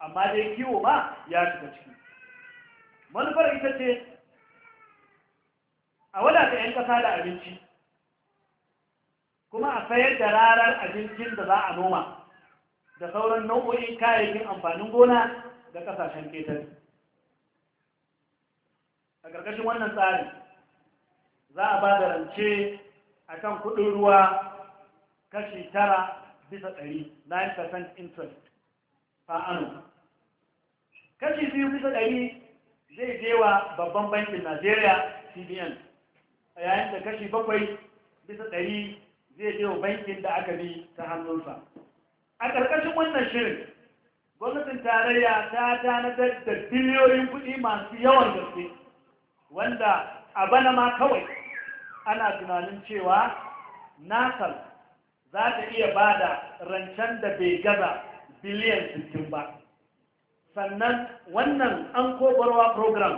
amma dai kiwo ba ya shiga ciki manufar ita ce a wadata 'yan ƙasa da abinci kuma a sayar da rarar abincin da za a noma da sauran nau'o'in kayayyakin amfanin gona da ƙasashen ketar a ƙarƙashin wannan tsari, za a ba da rance a kan kuɗin ruwa kashi tara bisa ɗari 9% interest per kashi biyu bisa ɗari zai je wa babban bankin najeriya cbn a yayin da kashi bakwai bisa ɗari zai je wa bankin da aka bi ta hannunsa a ƙarƙashin wannan shirin gwamnatin tarayya ta tanadar da biliyoyin kuɗi masu yawan gaske wanda a bana ma kawai ana tunanin cewa nasar za ta iya ba da rancen da bai gaza biliyan 60 ba sannan wannan an kobarwa program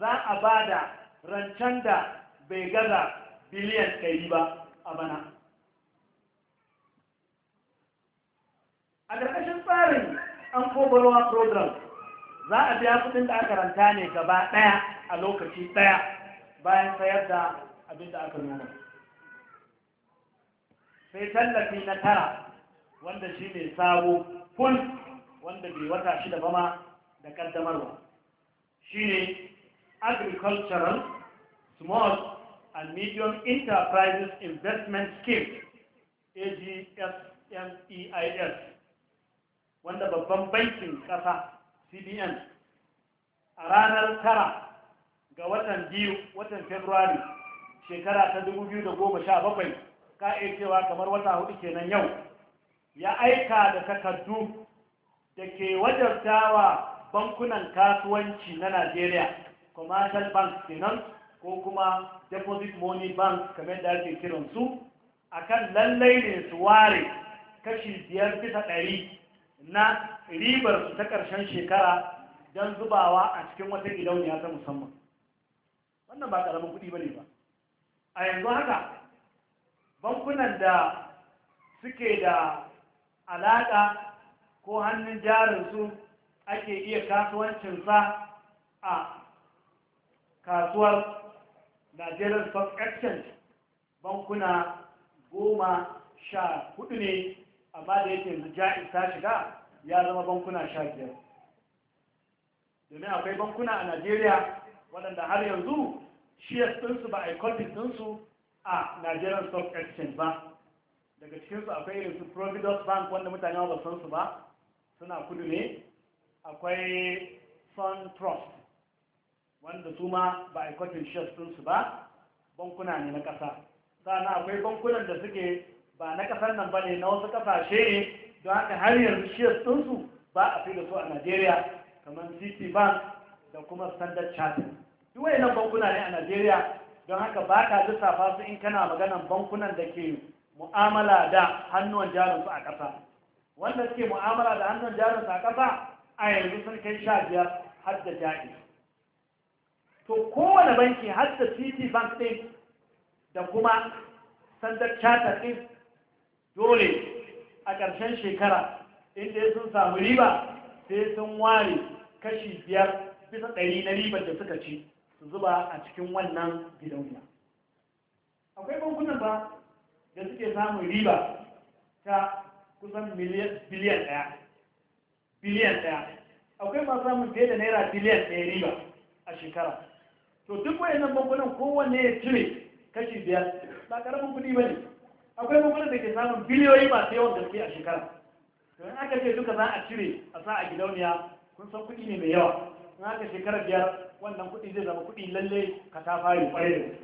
za a ba da rancen da bai gaza biliyan ɗari ba a bana a ƙarƙashin tsarin an kogarwa program za a biya kudin da aka ranta ne gaba ɗaya a lokaci ɗaya bayan sayar da abin da aka nuna sai tallafi na tara wanda shi ne sabo kun wanda bai wata shida da bama da kaddamarwa Shi ne agricultural small and medium enterprises investment scheme agfmeis wanda babban bankin ƙasa cbn a ranar tara ga watan biyu watan februari shekara ta 2017 ka cewa kamar wata hudu kenan yau ya aika da takardu da ke wajabtawa bankunan kasuwanci na Najeriya commercial bank kenan ko kuma deposit money bank kamar da ake kiran su akan lallai ne su ware kashi biyar bisa ɗari na ribar su ta ƙarshen shekara don zubawa a cikin wata gidauniya ta musamman wannan ba ƙaramin kuɗi ba ne ba a yanzu haka bankunan da suke da alaƙa ko hannun jarinsu ake iya kasuwancin sa a kasuwar Nigerian Stock Exchange bankuna goma sha hudu ne amma da yake ja'is ta shiga ya zama bankuna sha biyar domin akwai bankuna a Najeriya waɗanda har yanzu shiyas ɗinsu ba a yi ɗinsu a Nigerian Stock Exchange ba daga cikinsu akwai irin su Providence Bank wanda mutane ba san su ba suna kudu ne akwai sun trust wanda su ma ba a kwatin shares su ba bankuna ne na ƙasa sannan akwai bankunan da suke ba na ƙasar nan ba ne na wasu ƙasashe ne don haka har yanzu shares su ba a fi da su a najeriya kamar city bank da kuma standard chartered duk nan bankuna ne a najeriya don haka ba ka lissafa su in kana maganan bankunan da ke mu'amala da hannuwan jarinsu a ƙasa wanda suke mu'amala da hannun jarin sa ƙasa a yanzu sun kai sha biyar har da jaɗi to kowane banki har da city bank ɗin da kuma sandar charter ɗin dole a ƙarshen shekara inda sun samu riba sai sun ware kashi biyar bisa ɗari na ribar da suka ci su zuba a cikin wannan gidan gidauniya akwai bankunan ba da suke samun riba ta kusan biliyan ɗaya biliyan ɗaya akwai masu samun fiye da naira biliyan ɗaya riba a shekara to duk wayannan bankunan kowanne ya cire kashi biyar ba ƙaramin kuɗi ba ne akwai bankunan da ke samun biliyoyi masu yawan gaske a shekara in aka ce duka za a cire a sa a gidauniya kun san kuɗi ne mai yawa in aka shekara biyar wannan kuɗi zai zama kuɗi lalle ka ta fari da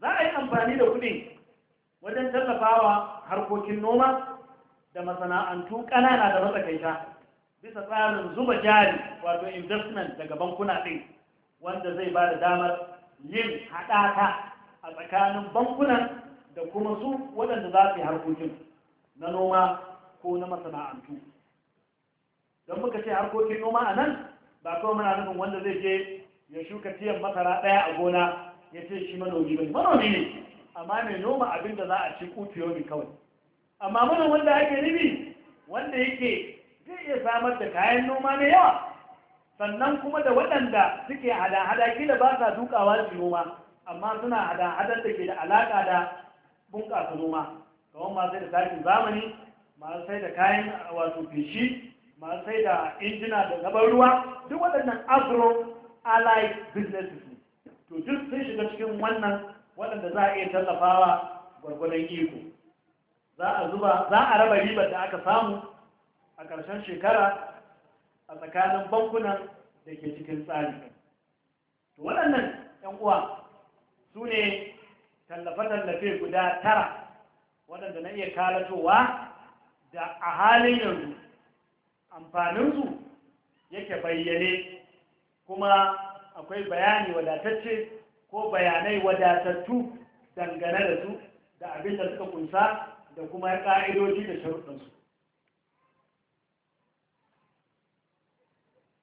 za a yi amfani da kuɗin. wajen tallafawa harkokin noma da masana'antu ƙanana da matsakaita bisa tsarin zuba jari wato investment daga bankuna ɗin wanda zai ba da damar yin haɗaka a tsakanin bankunan da kuma su waɗanda za su yi harkokin na noma ko na masana'antu don muka ce harkokin noma a nan ba kawai muna nufin wanda zai je ya shuka tiyan masara ɗaya a gona ya ce shi manomi ba manomi ne amma mai noma abin da za a ci kuciyomi kawai amma mana wanda ake ribi wanda yake zai iya samar da kayan noma mai yawa sannan kuma da waɗanda suke hada-hada kila ba sa dukawa su noma amma suna hada-hadar da ke da alaƙa da bunƙasa noma kamar masu da takin zamani masu sai da kayan wato fishi masu sai da injina da gaban ruwa duk waɗannan agro allied businesses to duk sun shiga cikin wannan waɗanda za a iya tallafawa gwargwadon iko za a zuba za a raba ribar da aka samu a ƙarshen shekara a tsakanin bankunan da ke cikin tsari to waɗannan 'yan uwa su ne tallafe-tallafe guda tara waɗanda na iya kalatowa da a halin yanzu amfaninsu yake bayyane kuma akwai bayani wadatacce ko bayanai wadatattu dangane da su da abin da suka kunsa da kuma ƙa'idoji da sharuɗansu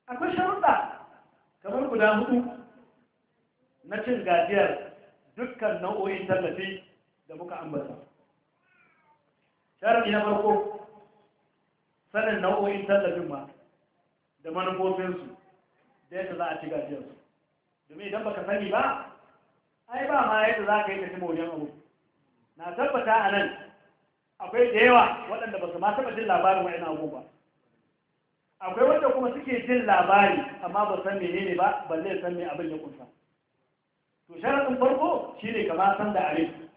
akwai sharuɗa kamar guda hudu na cin gajiyar dukkan nau'o'in tallafi da muka ambata Sharuɗi na farko sanin nau'o'in tallafin ma da manufofinsu da yadda za a ci gajiyarsu domin idan baka sani ba ai ba ma yadda za ka yi tafi moriyan abu na tabbata a nan akwai da yawa waɗanda ba su ma taɓa jin labarin wa'in abu ba akwai wanda kuma suke jin labari amma ba san menene ba balle san me abin ya kunsa to sharaɗin farko shine kama san da abin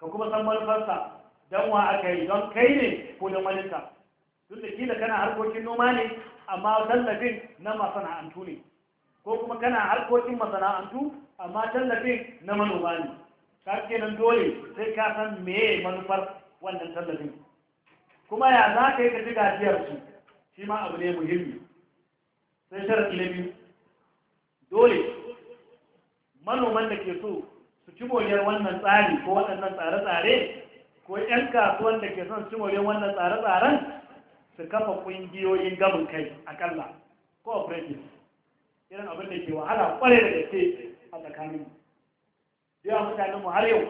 ka kuma san manufarsa dan wa aka yi don kai ne ko don waninka Duk da kila kana harkokin noma ne amma tallafin na masana'antu ne ko kuma kana harkokin masana'antu amma tallafin na manoma ne ka nan dole sai ka san meye manufar wannan tallafin kuma ya za ka yi ka ji gajiyar su shi ma abu ne muhimmi sai sharaɗi na dole manoman da ke so su ci moriyar wannan tsari ko waɗannan tsare-tsare ko 'yan kasuwan da ke son ci moriyar wannan tsare-tsaren su kafa ƙungiyoyin gaban kai akalla cooperative irin abin da ke wahala ƙware da gaske a tsakanin yawa mutanen mu har yau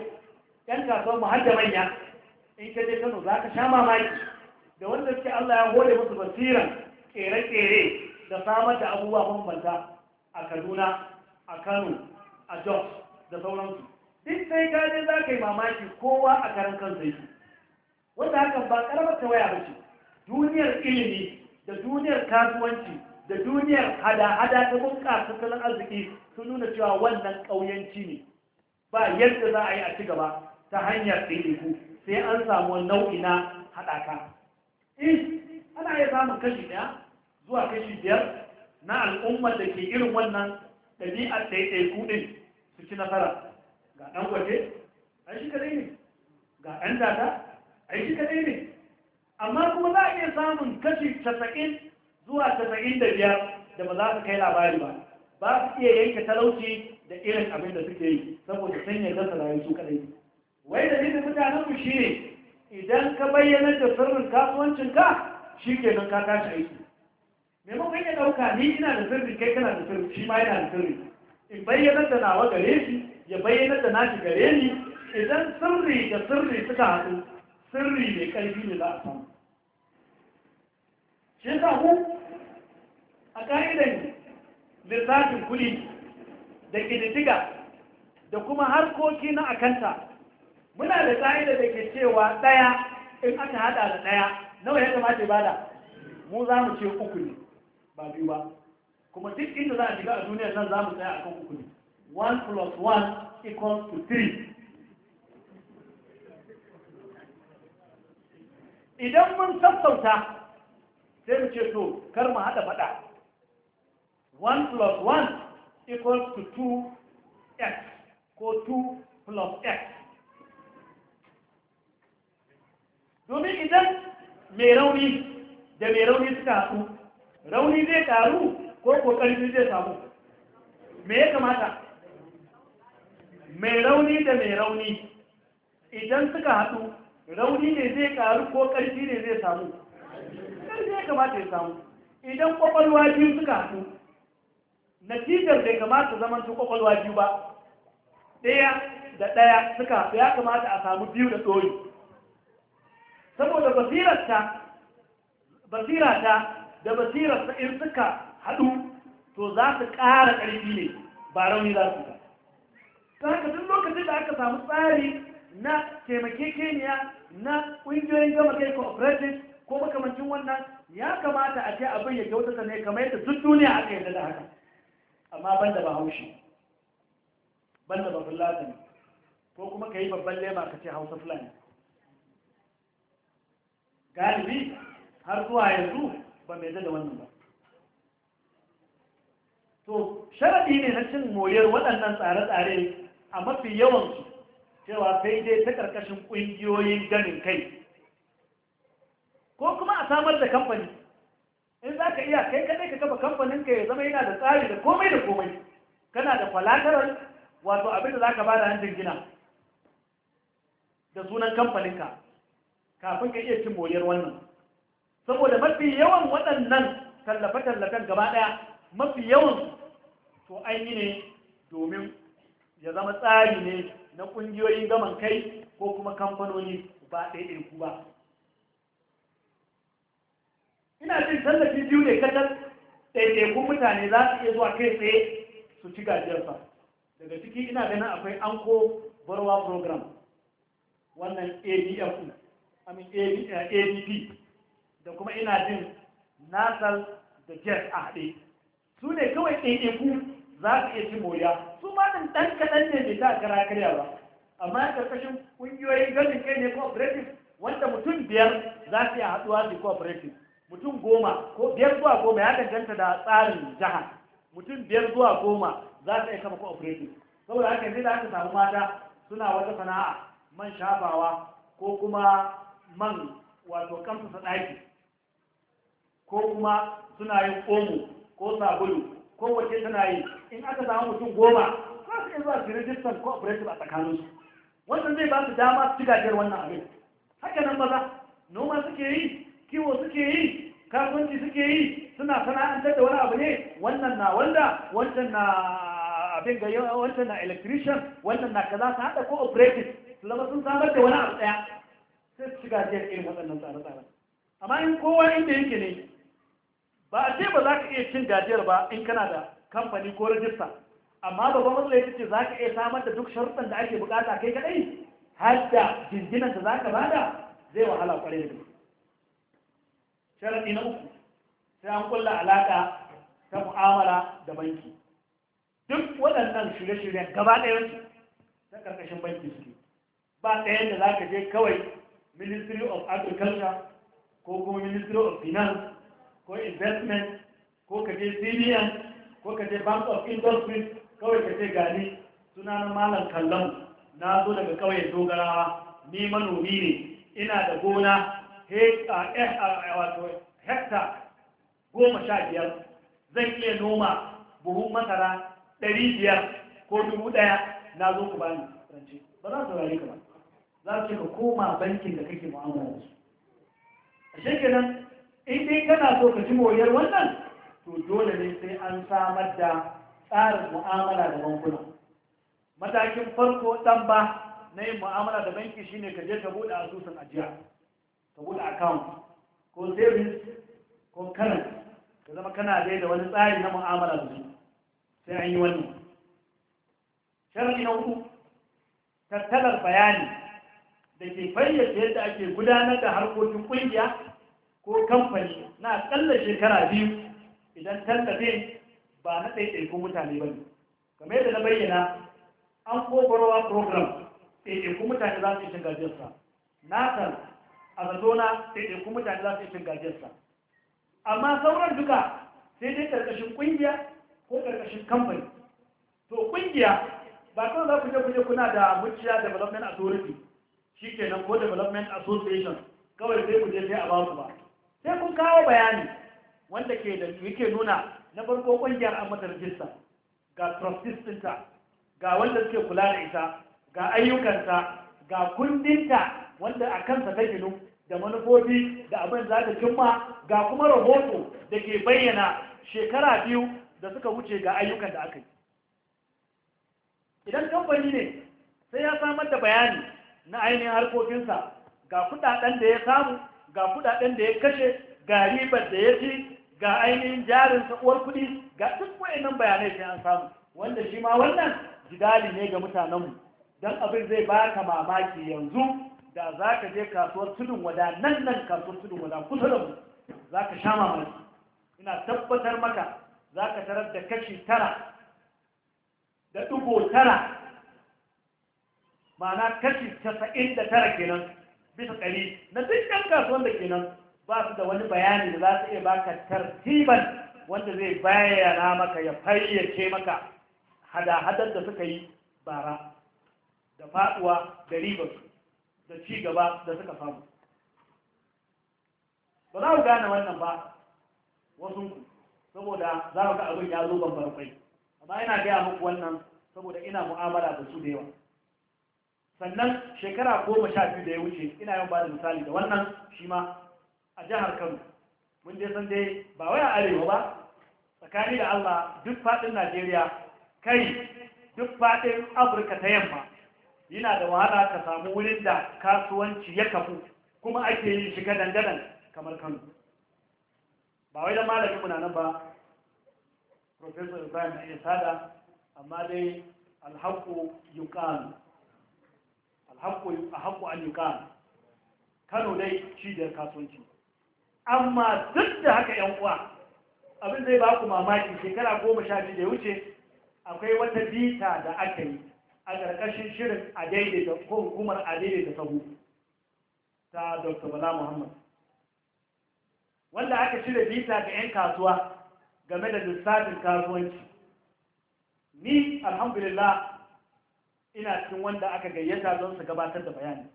yan kasuwar mu har da manya in ka je Kano za ka sha mamaki da wanda suke Allah ya hore musu basiran kere-kere da samar da abubuwa mabambanta a Kaduna a Kano a Jos da sauransu duk sai ka je za ka yi mamaki kowa a karan kansa yake wanda hakan ba karamar tawaya ba ce duniyar ilimi da duniyar kasuwanci da duniyar hada-hada ta bunƙasa tattalin arziki sun nuna cewa wannan ƙauyanci ne ba yadda za a yi a ci gaba ta hanyar ɗaiɗaiku sai an samu nau'i na haɗaka in eh, ana iya samun kashi ɗaya zuwa kashi biyar na al'ummar da ke irin wannan ɗabi'ar ɗaiɗaiku ɗin su ci nasara ga ɗan waje ai shi kaɗai ne ga ɗan dada ai shi kaɗai ne amma kuma za a iya samun kashi casa'in zuwa casa'in da biyar da ba za su kai labari ba ba su iya yanke talauci da irin abin da suke yi saboda sun yarda su rayu su kadai wai da nufin mutanen shi ne. idan ka bayyana da sirrin kasuwancinka shi ke nan ka tashi aiki maimakon ya dauka ni ina da sirri kai kana da sirri shi ma yana da sirri in bayyana da nawa gare shi ya bayyana da nashi gare ni idan sirri da sirri suka haɗu sirri mai ƙarfi ne za a samu shi ku a ƙa'idan lissafin kuli da ƙididdiga da kuma harkoki na akanta muna da ƙa'ida da ke cewa ɗaya in aka haɗa da ɗaya nawa ya kamata bada mu za mu ce uku ne ba biyu ba kuma duk inda za a shiga a duniyar nan za mu tsaya a kan uku ne 1 plus 1 equals to 3 idan mun sassauta sai mu ce to kar mu haɗa faɗa one plus one equals to two x ko two plus x domin idan mai rauni da mai rauni suka haɗu rauni zai taru ko ƙoƙarfi zai samu me ya kamata mai rauni da mai rauni idan suka haɗu rauni ne zai ƙaru ko ƙarfi ne zai samu ƙarfi ya kamata ya samu idan ƙwaƙwalwa biyu suka haɗu natijar bai kamata zaman tun kwakwalwa biyu ba ɗaya da ɗaya suka ya kamata a samu biyu da tsori saboda basirarta basirata da basirarsa in suka haɗu to za su ƙara karfi ne ba rauni za su ba ta haka duk lokacin da aka samu tsari na taimakekeniya na ƙungiyoyin gama kai cooperative ko makamancin wannan ya kamata a ce abin ya kyautata ne kamar yadda duk duniya aka yarda da haka amma ban da bahaushe ban da babban latin ko kuma ka yi babban lema ka ce hausa fulani galibi har zuwa yanzu ba mai da wannan ba to sharaɗi ne na cin moyar waɗannan tsare-tsare a mafi yawan cewa sai dai ta ƙarƙashin ƙungiyoyin ganin kai ko kuma a samar da kamfani in za ka iya kai kadai ka kafa kamfanin ka ya zama yana da tsari da komai da komai kana da falatarar wato abin da za ka bada hanjin gina da sunan kamfaninka kafin ka iya cin moriyar wannan saboda mafi yawan waɗannan tallafe-tallafen gaba ɗaya mafi yawan to an yi ne domin ya zama tsari ne na ƙungiyoyin gaman kai ko kuma kamfanoni ba ɗaya ku ba ina jin tallafi biyu ne kacal ɗaiɗaikun mutane za su iya zuwa kai tsaye su ci gajiyarsa daga ciki ina ganin akwai anko barwa program wannan adf amin adp da kuma ina jin nasal da jet a haɗe su ne kawai ɗaiɗaiku za su iya ci moriya su ma ɗin ɗan kaɗan ne bai ta kara karya ba amma a ƙarƙashin ƙungiyoyin ganin kai ne cooperative wanda mutum biyar za su iya haɗuwa su cooperative mutum goma ko biyar zuwa goma ya danganta da tsarin jiha mutum biyar zuwa goma za ta iya ko operating saboda haka yanzu da aka samu mata suna wata sana'a man shafawa ko kuma man wato kamfasa ɗaki ko kuma suna yin omo ko sabulu ko wace tana yi in aka samu mutum goma za su iya zuwa su rijistar operating a tsakaninsu wannan zai ba su dama su ci gajiyar wannan abin haka maza noma suke yi kiwo suke yi kasuwanci suke yi suna sana'antar da wani abu ne wannan na wanda wancan na abin ga wancan na electrician wannan na kaza ta hada ko operative su zama sun samar da wani abu daya sai su shiga jiyar irin waɗannan tsare-tsare amma in kowa inda yake ne ba a ce ba za ka iya cin gajiyar ba in kana da kamfani ko rajista amma babban matsala ita ce za ka iya samar da duk sharuɗan da ake bukata kai kaɗai har da jinginan da za ka bada zai wahala kwarai da gaske sharaɗi na uku sai an kulla alaƙa ta mu'amala da banki duk waɗannan shirye-shiryen gaba ɗaya su ta ƙarƙashin banki suke ba ɗayan da za ka je kawai ministry of agriculture ko kuma ministry of finance ko investment ko ka je cbn ko ka je bank of industry kawai ka je gani suna na malam kallon na zo daga kawai dogarawa ni manomi ne ina da gona hekta eh, eh, goma sha biyar zan iya noma buhun masara ɗari biyar ko dubu ɗaya na zo ku bani rance ba za su rayu ba za su ka koma bankin da kake mu'amala da su a shekenan in dai kana so ka ji moriyar wannan to dole ne sai an samar da tsarin mu'amala da bankuna matakin farko ɗan ba na yin mu'amala da banki shine ka je ka buɗe asusun ajiya ka buɗe account ko service ko current ka zama kana dai da wani tsari na mu'amala da su sai an yi wannan sharri na uku tattalar bayani da ke fayyace yadda ake gudanar da harkokin kungiya ko kamfani na akalla shekara biyu idan tallafe ba na ɗaiɗaikun mutane ba ne kamar yadda na bayyana an kogarowa program ɗaiɗaikun mutane za su yi shigar jinsa na a zazona, sai dai kuma mutane za su yi cin gajiyarsa amma sauran duka sai dai ƙarƙashin ƙungiya ko ƙarƙashin kamfani to ƙungiya ba kawai za ku je kuje kuna da muciya development authority shi kenan ko development association kawai sai ku je sai a basu ba sai kun kawo bayani wanda ke da yake nuna na farko ƙungiyar an mata rajista ga trustees ɗinta ga wanda suke kula da ita ga ayyukanta ga kundinta wanda a kansa ta gino da manufofi da abin za ta cimma ga kuma rahoto da ke bayyana shekara biyu da suka wuce ga ayyukan da aka yi idan kamfani ne sai ya samar da bayani na ainihin harkokinsa ga kudaden da ya samu ga kudaden da ya kashe ga ribar da ya ci ga ainihin jarin sabuwar kudi ga duk wayannan bayanai sai an samu wanda shi ma wannan jidali ne ga mutanenmu don abin zai baka mamaki yanzu da za ka je kasuwar tudun wada nan nan kasuwar tudun wada kusa da mu za ka sha mamaki ina tabbatar maka za ka tarar da kashi tara da ɗigo tara ma'ana kashi casa'in da tara kenan bisa ɗari na duk kasuwar da kenan ba su da wani bayani da za su iya baka tartiban wanda zai bayyana maka ya fayyace maka hada-hadar da suka yi bara da faɗuwa da ribar da ci gaba da suka samu ba za ku gane wannan ba wasu saboda za ku ga abin ya zo ban barkwai amma ina gaya muku wannan saboda ina mu'amala da su da yawa sannan shekara goma sha biyu da ya wuce ina yin ba da misali da wannan shi ma a jihar kano mun je san dai ba wai a arewa ba tsakani da allah duk faɗin najeriya kai duk faɗin afirka ta yamma yana da wahala ka samu wurin da kasuwanci ya kafu kuma ake yin shiga dangadan kamar kano ba wai don malamin muna nan ba professor ibrahim na iya sada amma dai alhaku yukan alhaku an yukan kano dai cidiyar kasuwanci amma duk da haka yan uwa abin zai ba ku mamaki shekara goma sha biyu da ya wuce akwai wata bita da aka yi a ƙarƙashin shirin a daidaita ko hukumar a daidaita sahu ta dr bala muhammad wanda aka shirya bita ga 'yan kasuwa game da lissafin kasuwanci ni alhamdulillah ina cikin wanda aka gayyata don su gabatar da bayani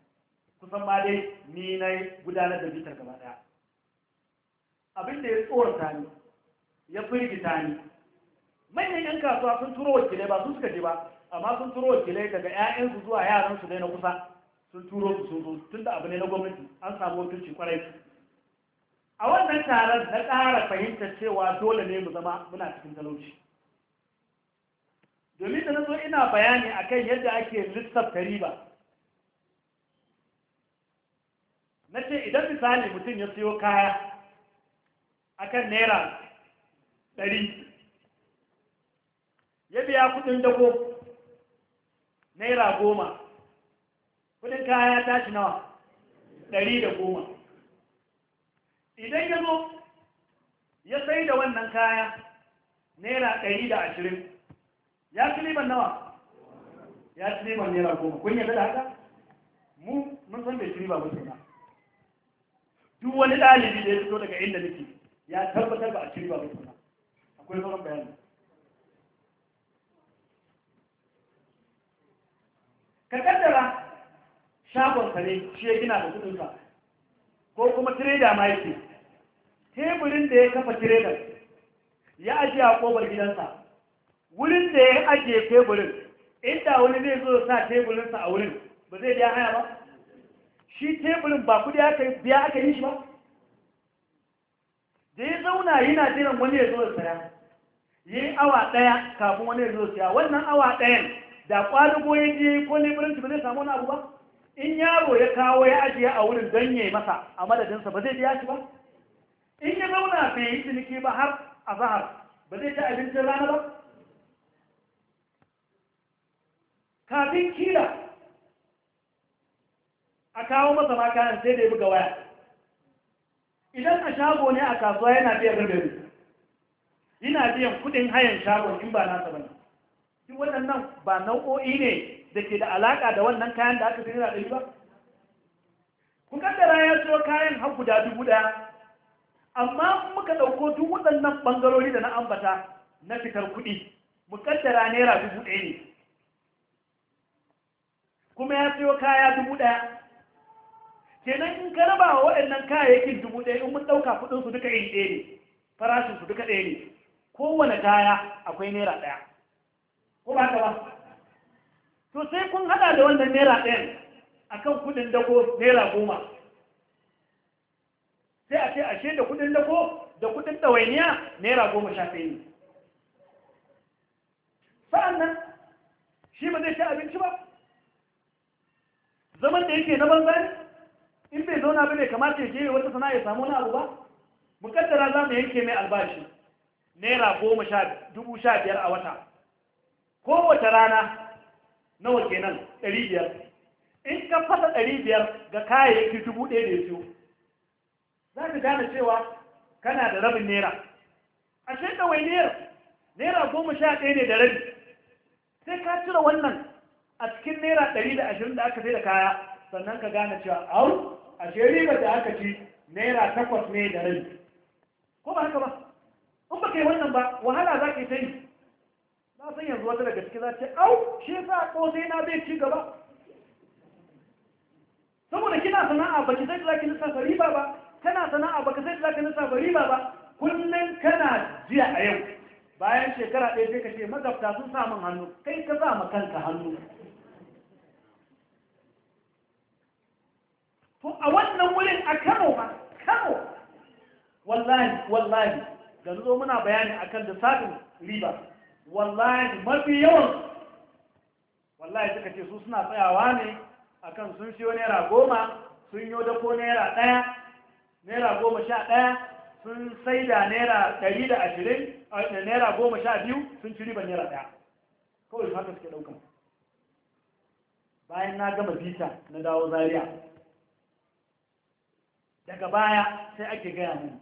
kusan ma dai ni na gudanar da bitar gaba daya abin da ya tsorata ne ya firgita ne manyan 'yan kasuwa sun turo wakilai ba su suka je ba amma sun turo wakilai daga 'ya'yansu zuwa yaransu dai na kusa sun turo su sun tun da abu ne na gwamnati an samu wakilci kwarai su. a wannan taron na ƙara fahimtar cewa dole ne mu zama muna cikin talauci domin da na zo ina bayani akan yadda ake lissafta riba na ce idan misali mutum ya siyo kaya akan naira ɗari ya biya kudin dago naira goma kudin kaya ta tashi nawa ɗari da goma idan ya zo ya sai da wannan kaya naira ɗari da ashirin ya ci liman nawa ya ci liman naira goma kun yadda da haka mu mun san bai ci ba mutum ba duk wani ɗalibi da ya fito daga inda nake ya tabbatar ba a ci riba mutum ba akwai sauran bayanin ka kaddara shagon kare shi ya gina da kudinka ko kuma tireda ma yake teburin da ya kafa tireda ya ajiye a kobar gidansa wurin da ya ajiye teburin inda wani zai zo sa teburinsa a wurin ba zai biya haya ba shi teburin ba kudi aka biya aka yi shi ba da ya zauna yana jiran wani ya zo da saya yi awa ɗaya kafin wani ya zo saya wannan awa ɗayan da kwalugo ya je ko leburanci ba zai samu wani abu ba in yaro ya kawo ya ajiye a wurin don masa a madadinsa ba zai biya shi ba in ya zauna bai yi ciniki ba har a zahar ba zai ci abincin rana ba kafin kila a kawo masa makanan sai da ya buga waya idan a shago ne a kasuwa yana biyan rubin yana biyan kudin hayan shagon in ba nasa bane shi waɗannan ba nau'o'i ne da ke da alaƙa da wannan kayan da aka fi naira ɗari ba ku kaddara ya siyo kayan har guda dubu ɗaya amma muka ɗauko duk waɗannan ɓangarori da na ambata na fitar kuɗi mu kaddara naira dubu ɗaya ne kuma ya siyo kaya dubu ɗaya kenan in ka raba wa waɗannan kayayyakin dubu ɗaya in mun ɗauka kuɗinsu duka yin ɗaya ne farashinsu duka ɗaya ne kowane kaya akwai naira ɗaya ko ba ka ba to sai kun hada da wannan naira a kan kudin dako naira goma sai a ce ashe da kudin dako da kudin ɗawainiya naira goma sha ɗaya ne sa'an nan shi ba zai ci abinci ba zaman da yake na banza in bai zauna ba bane kamata ya je wata sana'a ya samu wani abu ba mukaddara za mu yanke mai albashi naira goma sha dubu sha biyar a wata kowace rana nawa kenan ɗari biyar in ka fasa ɗari biyar ga kayayyaki dubu ɗaya da ya za ka gane cewa kana da rabin naira a shi ɗawai naira naira goma sha ɗaya ne da rabi sai ka cire wannan a cikin naira ɗari da ashirin da aka sai da kaya sannan ka gane cewa au a shirin da aka ci naira takwas ne da rabi ko ba haka ba in ba kai wannan ba wahala za ka yi ta yi na san yanzu wata daga ciki za ce au shi yasa sai na bai ci gaba saboda kina sana'a baki sai zaki ba riba ba kana sana'a baki sai zaki ba riba ba kullum kana jiya a yau bayan shekara ɗaya sai ka ce magabta sun sa min hannu kai ka sa ma kanka hannu to a wannan wurin a Kano ma Kano wallahi wallahi ganzo muna bayani akan da lissafin riba wallahi mafi yawan wallahi suka ce su suna tsayawa ne akan sun siyo naira goma sun yi dako naira ɗaya naira goma sha ɗaya sun sai da naira ɗari da ashirin naira goma sha biyu sun ci riban naira ɗaya kawai haka suke ɗaukan bayan na gama bita na dawo Zariya, daga baya sai ake gaya mun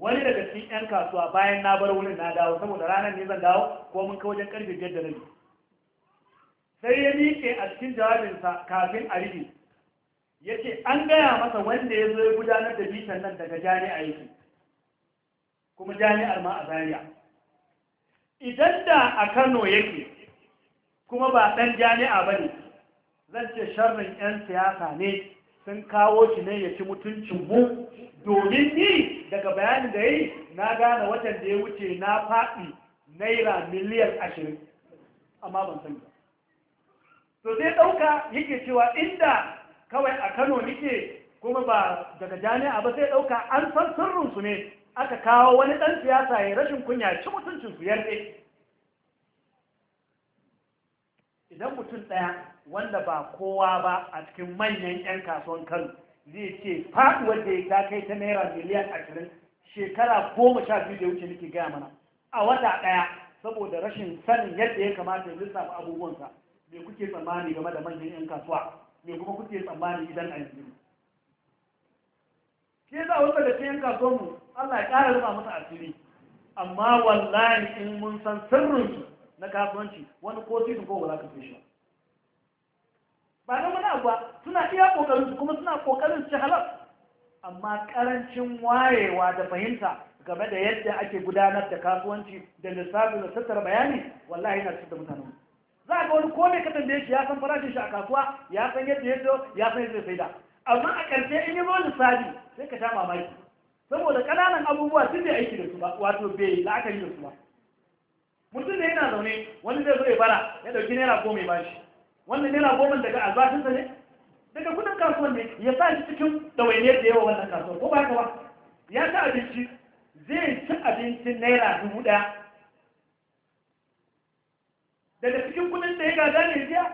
wani daga cikin 'yan kasuwa bayan na bar wurin na dawo saboda ranar ne zan dawo ko mun kai wajen karfe biyar da rabi sai ya miƙe a cikin jawabinsa kafin a rige ya ce an gaya masa wanda ya zo ya gudanar da bitan nan daga jami'a yake kuma jami'ar ma a zariya idan da a kano yake kuma ba ɗan jami'a ba ne zan ce sharrin 'yan siyasa ne sun kawo shi ne ya ci mutuncin mu domin ni daga bayanin da yi na gane watan da ya wuce na faɗi naira miliyan ashirin amma ban sani ba to zai ɗauka yake cewa inda kawai a kano nike kuma ba daga jami'a ba sai ɗauka an san sirrinsu ne aka kawo wani ɗan siyasa ya rashin kunya ci mutuncinsu yarɗe idan mutum ɗaya wanda ba kowa ba a cikin manyan 'yan kasuwan kano zai ce faduwar da ya ta kai ta naira miliyan ashirin shekara goma sha biyu da wuce nake gaya mana a wata ɗaya saboda rashin sanin yadda ya kamata ya lissafa abubuwansa me kuke tsammani game da manyan 'yan kasuwa me kuma kuke tsammani idan a yanzu ke za a wata da yan kasuwanmu allah ya ƙara rufa masa asiri amma wallahi in mun san sirrinsu na kasuwanci wani ko titin ko ba za ka fi shi ba ba na wani abu suna iya kokarin su kuma suna kokarin su halal amma karancin wayewa da fahimta game da yadda ake gudanar da kasuwanci da lissafin da tattara bayani wallahi yana cikin mutane za ga wani ko mai da tambaye shi ya san farashin shi a kasuwa ya san yadda ya zo ya san yadda ya saida amma a ƙarshe in yi zo lissafi sai ka sha mamaki saboda ƙananan abubuwa sun bai aiki da su ba wato bai la'akari da su ba mutum da yana zaune wani zai zo ya fara ya ɗauki naira ko mai bashi wannan yana goma daga albashinsa ne daga kudin kasuwan ne ya sa shi cikin ɗawainiyar da yawa wannan kasuwar ko ba kawa ba ya ci abinci zai ci abincin naira dubu ɗaya daga cikin kudin da ya gada ne biya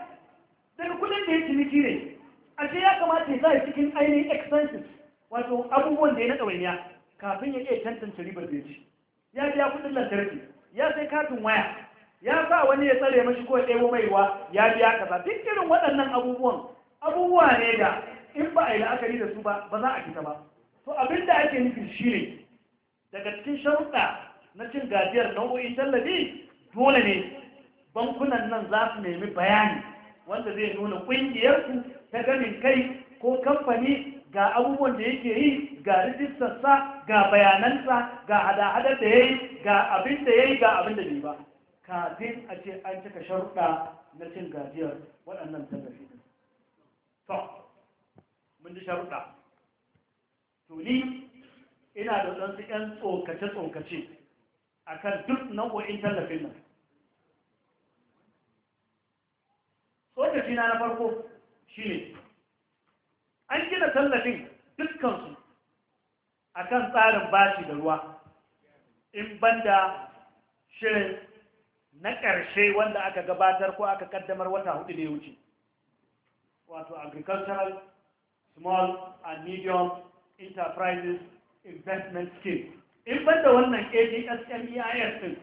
daga kudin da ya ciniki ne ce ya kamata ya sa cikin ainihin expenses wato abubuwan da ya na ɗawainiya kafin ya iya tantance ribar da ya ci ya biya kudin lantarki ya sai katin waya ya sa wani ya tsare mashi ko ɗebo maiwa ya biya kaza duk irin waɗannan abubuwan abubuwa ne da in ba a yi la'akari da su ba ba za a fita ba to abin da ake nufi shi ne daga cikin sharuɗa na cin gajiyar nau'o'in tallafi dole ne bankunan nan za su nemi bayani wanda zai nuna ƙungiyar ƙungiyarsu ta ganin kai ko kamfani ga abubuwan da yake yi ga rijistarsa ga bayanansa ga hada-hadar da ya yi ga abin da ya yi ga abin da bai ba kafin a ce an cika sharuɗa na cin gajiyar waɗannan tallafi ne. to mun ji sharuɗa to ni ina da ɗansu 'yan tsokace-tsokace a kan duk nau'o'in tallafin nan tsokacina na farko shi ne an gina tallafin dukkansu a kan tsarin bashi da ruwa in banda shirin na ƙarshe wanda aka gabatar ko aka kaddamar wata hudu da ya wuce wato agricultural small and medium enterprises investment scheme in banda wannan agsmeis ɗin. E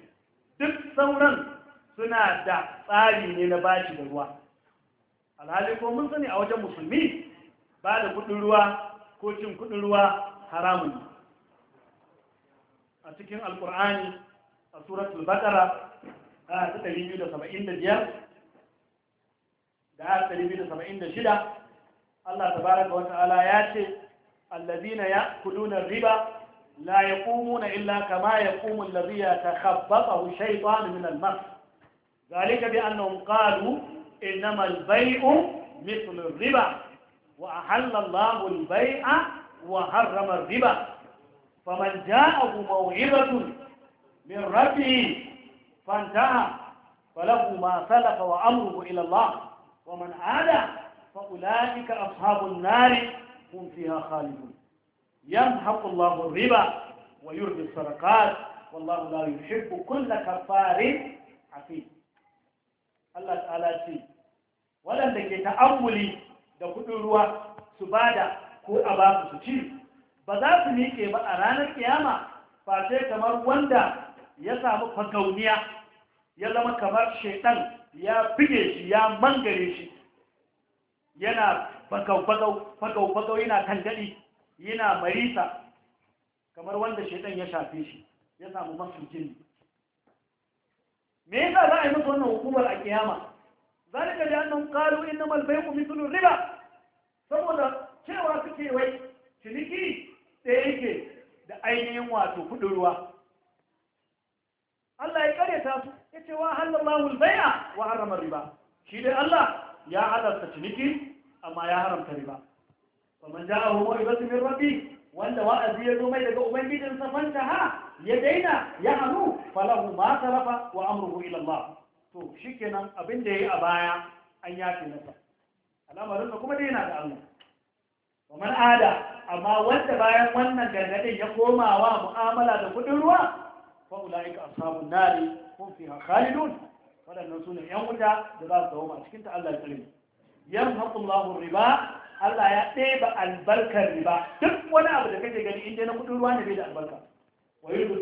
duk sauran suna da tsari ne na bashi da ruwa alhali ko mun sani a wajen musulmi ba da kudin ruwa ko cin kudin ruwa haramun a cikin alkur'ani a suratul bakara a ta ɗari biyu da saba'in da biyar da a ɗari biyu da saba'in da shida Allah tabaraka wa ta'ala ya ce allazina ya'kuluna riba la yaqumuna illa kama yaqumu allazi yatakhabbathu shaytanu min al-mas ذلك بأنهم قالوا إنما البيع مثل الربا وأحل الله البيع وحرم الربا فمن جاءه موعظة من ربه فانتهى فله ما سلك wa إلى الله ومن عاد فأولئك أصحاب النار هم فيها خالدون يمحق الله الربا ويربي الصدقات والله لا يحب كل كفار عفيف Allah ta'ala ce, waɗanda ke ta'awuli da kuɗin ruwa su bada ko a ba su ci, ba za su miƙe ba a ranar kiyama face kamar wanda ya samu fagauniya ya zama kamar shaidan ya bige shi ya mangare shi yana bagau-bagau yana tangadi yana marisa kamar wanda shaidan ya shafe shi ya samu masu jini me yasa za a yi masu wannan hukumar a kiyama zalika da annan qalu innamal ku mithlu riba saboda cewa suke wai ciniki ɗaya yake da ainihin wato kudin Allah ya kare ta su yace wa halallahu al-bai'a wa harrama riba shi dai Allah ya halarta ciniki amma ya haramta riba faman ja'ahu maw'izatu min rabbi wanda wa'azi ya zo mai daga ubangijin sa ha ya daina ya hanu falahu ma sarafa wa amruhu ila Allah to shikenan abin da yayi a baya an yafe masa al'amarin kuma dai yana da Allah ومن wanda bayan wannan بايان ya جنجدين mu'amala da kudin ruwa fa فأولئك ashabun nari hum fiha khalidun wadannan su ne yan wuta da za su dawo a cikin ta Allah ya tsare riba Allah ya ɗeba albarkar riba duk wani abu da kake gani inda na kudin ruwa da bai da albarka wa yudu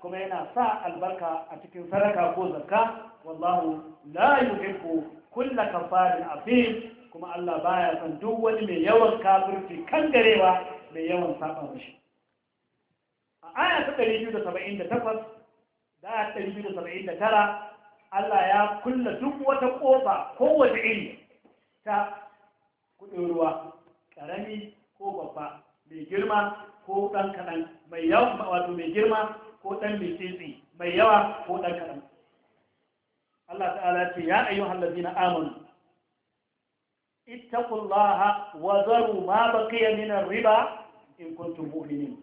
kuma yana sa albarka a cikin sadaka ko zakka wallahu la yuhibbu kulla kafarin afim kuma Allah baya son duk wani mai yawan kafirci kan garewa mai yawan saba mashi a aya ta 278 da ɗari biyu da saba'in da tara Allah ya kulla duk wata ƙofa kowace iri ta kuɗin ruwa ƙarami ko babba mai girma ko ɗan kaɗan mai yawa wato mai girma ko ɗan mai tsitsi mai yawa ko ɗan kaɗan Allah ta'ala ce ya ayyuhan allazina amanu ittaqullaha wa zaru ma baqiya min riba in kuntum mu'minin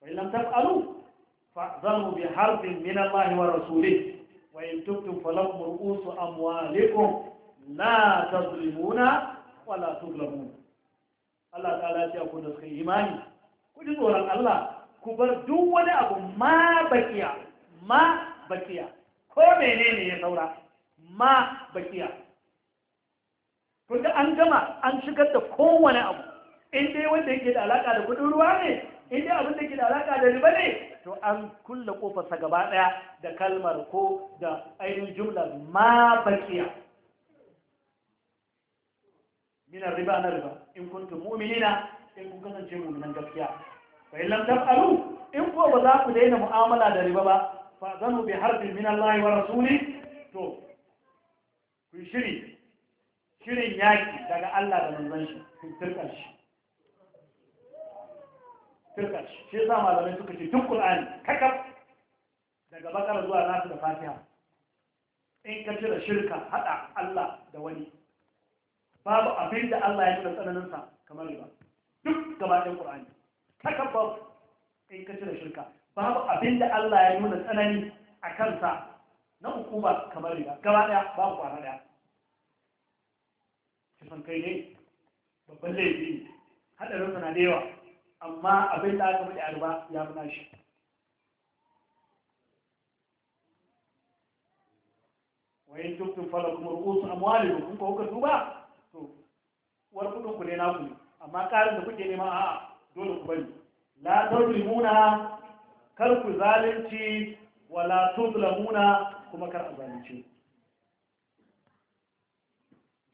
fa lam taf'alu فأذنوا بحرب من الله ورسوله وإن تبتم فلكم رؤوس أموالكم لا تظلمون ولا تظلمون الله تعالى ce ku إيماني كل imani الله كبر tsoron أبو ما بكيا ما بكيا كومينين يا bakiya ما بكيا ko an gama an shigar da kowane abu inda dai wanda yake da alaka da kudin ruwa ne inda abin da yake da alaka da riba ne to an kulle kofarsa gaba ɗaya da kalmar ko da ainihin jumlar ma bakiya minar riba na riba in kuntum mu'minina in kun kasance mu mu'minan gaskiya fa in lam taf'alu in ko ba za ku daina mu'amala da riba ba fa zanu bi harbin min Allah wa rasuli to ku shiri shirin yaki daga Allah da manzon shi ku turka shi firka shi shi yasa malamai suka ce duk qur'ani kakar daga bakara zuwa nasu da fatiha in ka cire shirka hada Allah da wani babu abin da Allah ya nuna tsananin sa kamar riba duk gaba ɗayan kakar kakaf babu in ka cire shirka babu abin da Allah ya nuna tsanani a kansa na hukuma kamar riba gaba ɗaya babu kwana ɗaya kisan kai ne babban laifi haɗarin sana da yawa amma abin da aka faɗi arba ya fi nashi wayan tuktun fala kuma rukusu amwali da ka kuka duba to wani kudin ku ne naku ne amma karin da kuke nema a dole ku bari la Muna kar ku zalunci wala Muna kuma kar a zalunci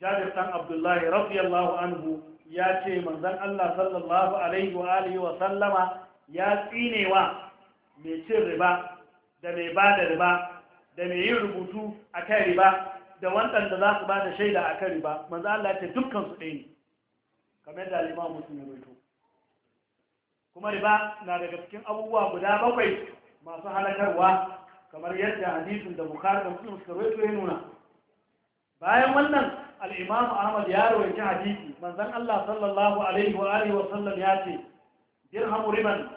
jajirtan Abdullahi Abdullahi radiyallahu anhu ya ce manzan Allah sallallahu alaihi wa alihi wa sallama ya tsinewa mai cin riba da mai ba da riba da mai yin rubutu a kai riba da waɗanda za su ba da shaida a kai riba manzan Allah ya ce dukkan su ɗaya ne kamar da mutum ya roito kuma riba na daga cikin abubuwa guda bakwai masu halakarwa kamar yadda hadisin da bukhari da muslim suka ya nuna bayan wannan alimam ahmad ya rawaita hadisi manzon Allah sallallahu alaihi wa wa sallam ya ce dirhamu riban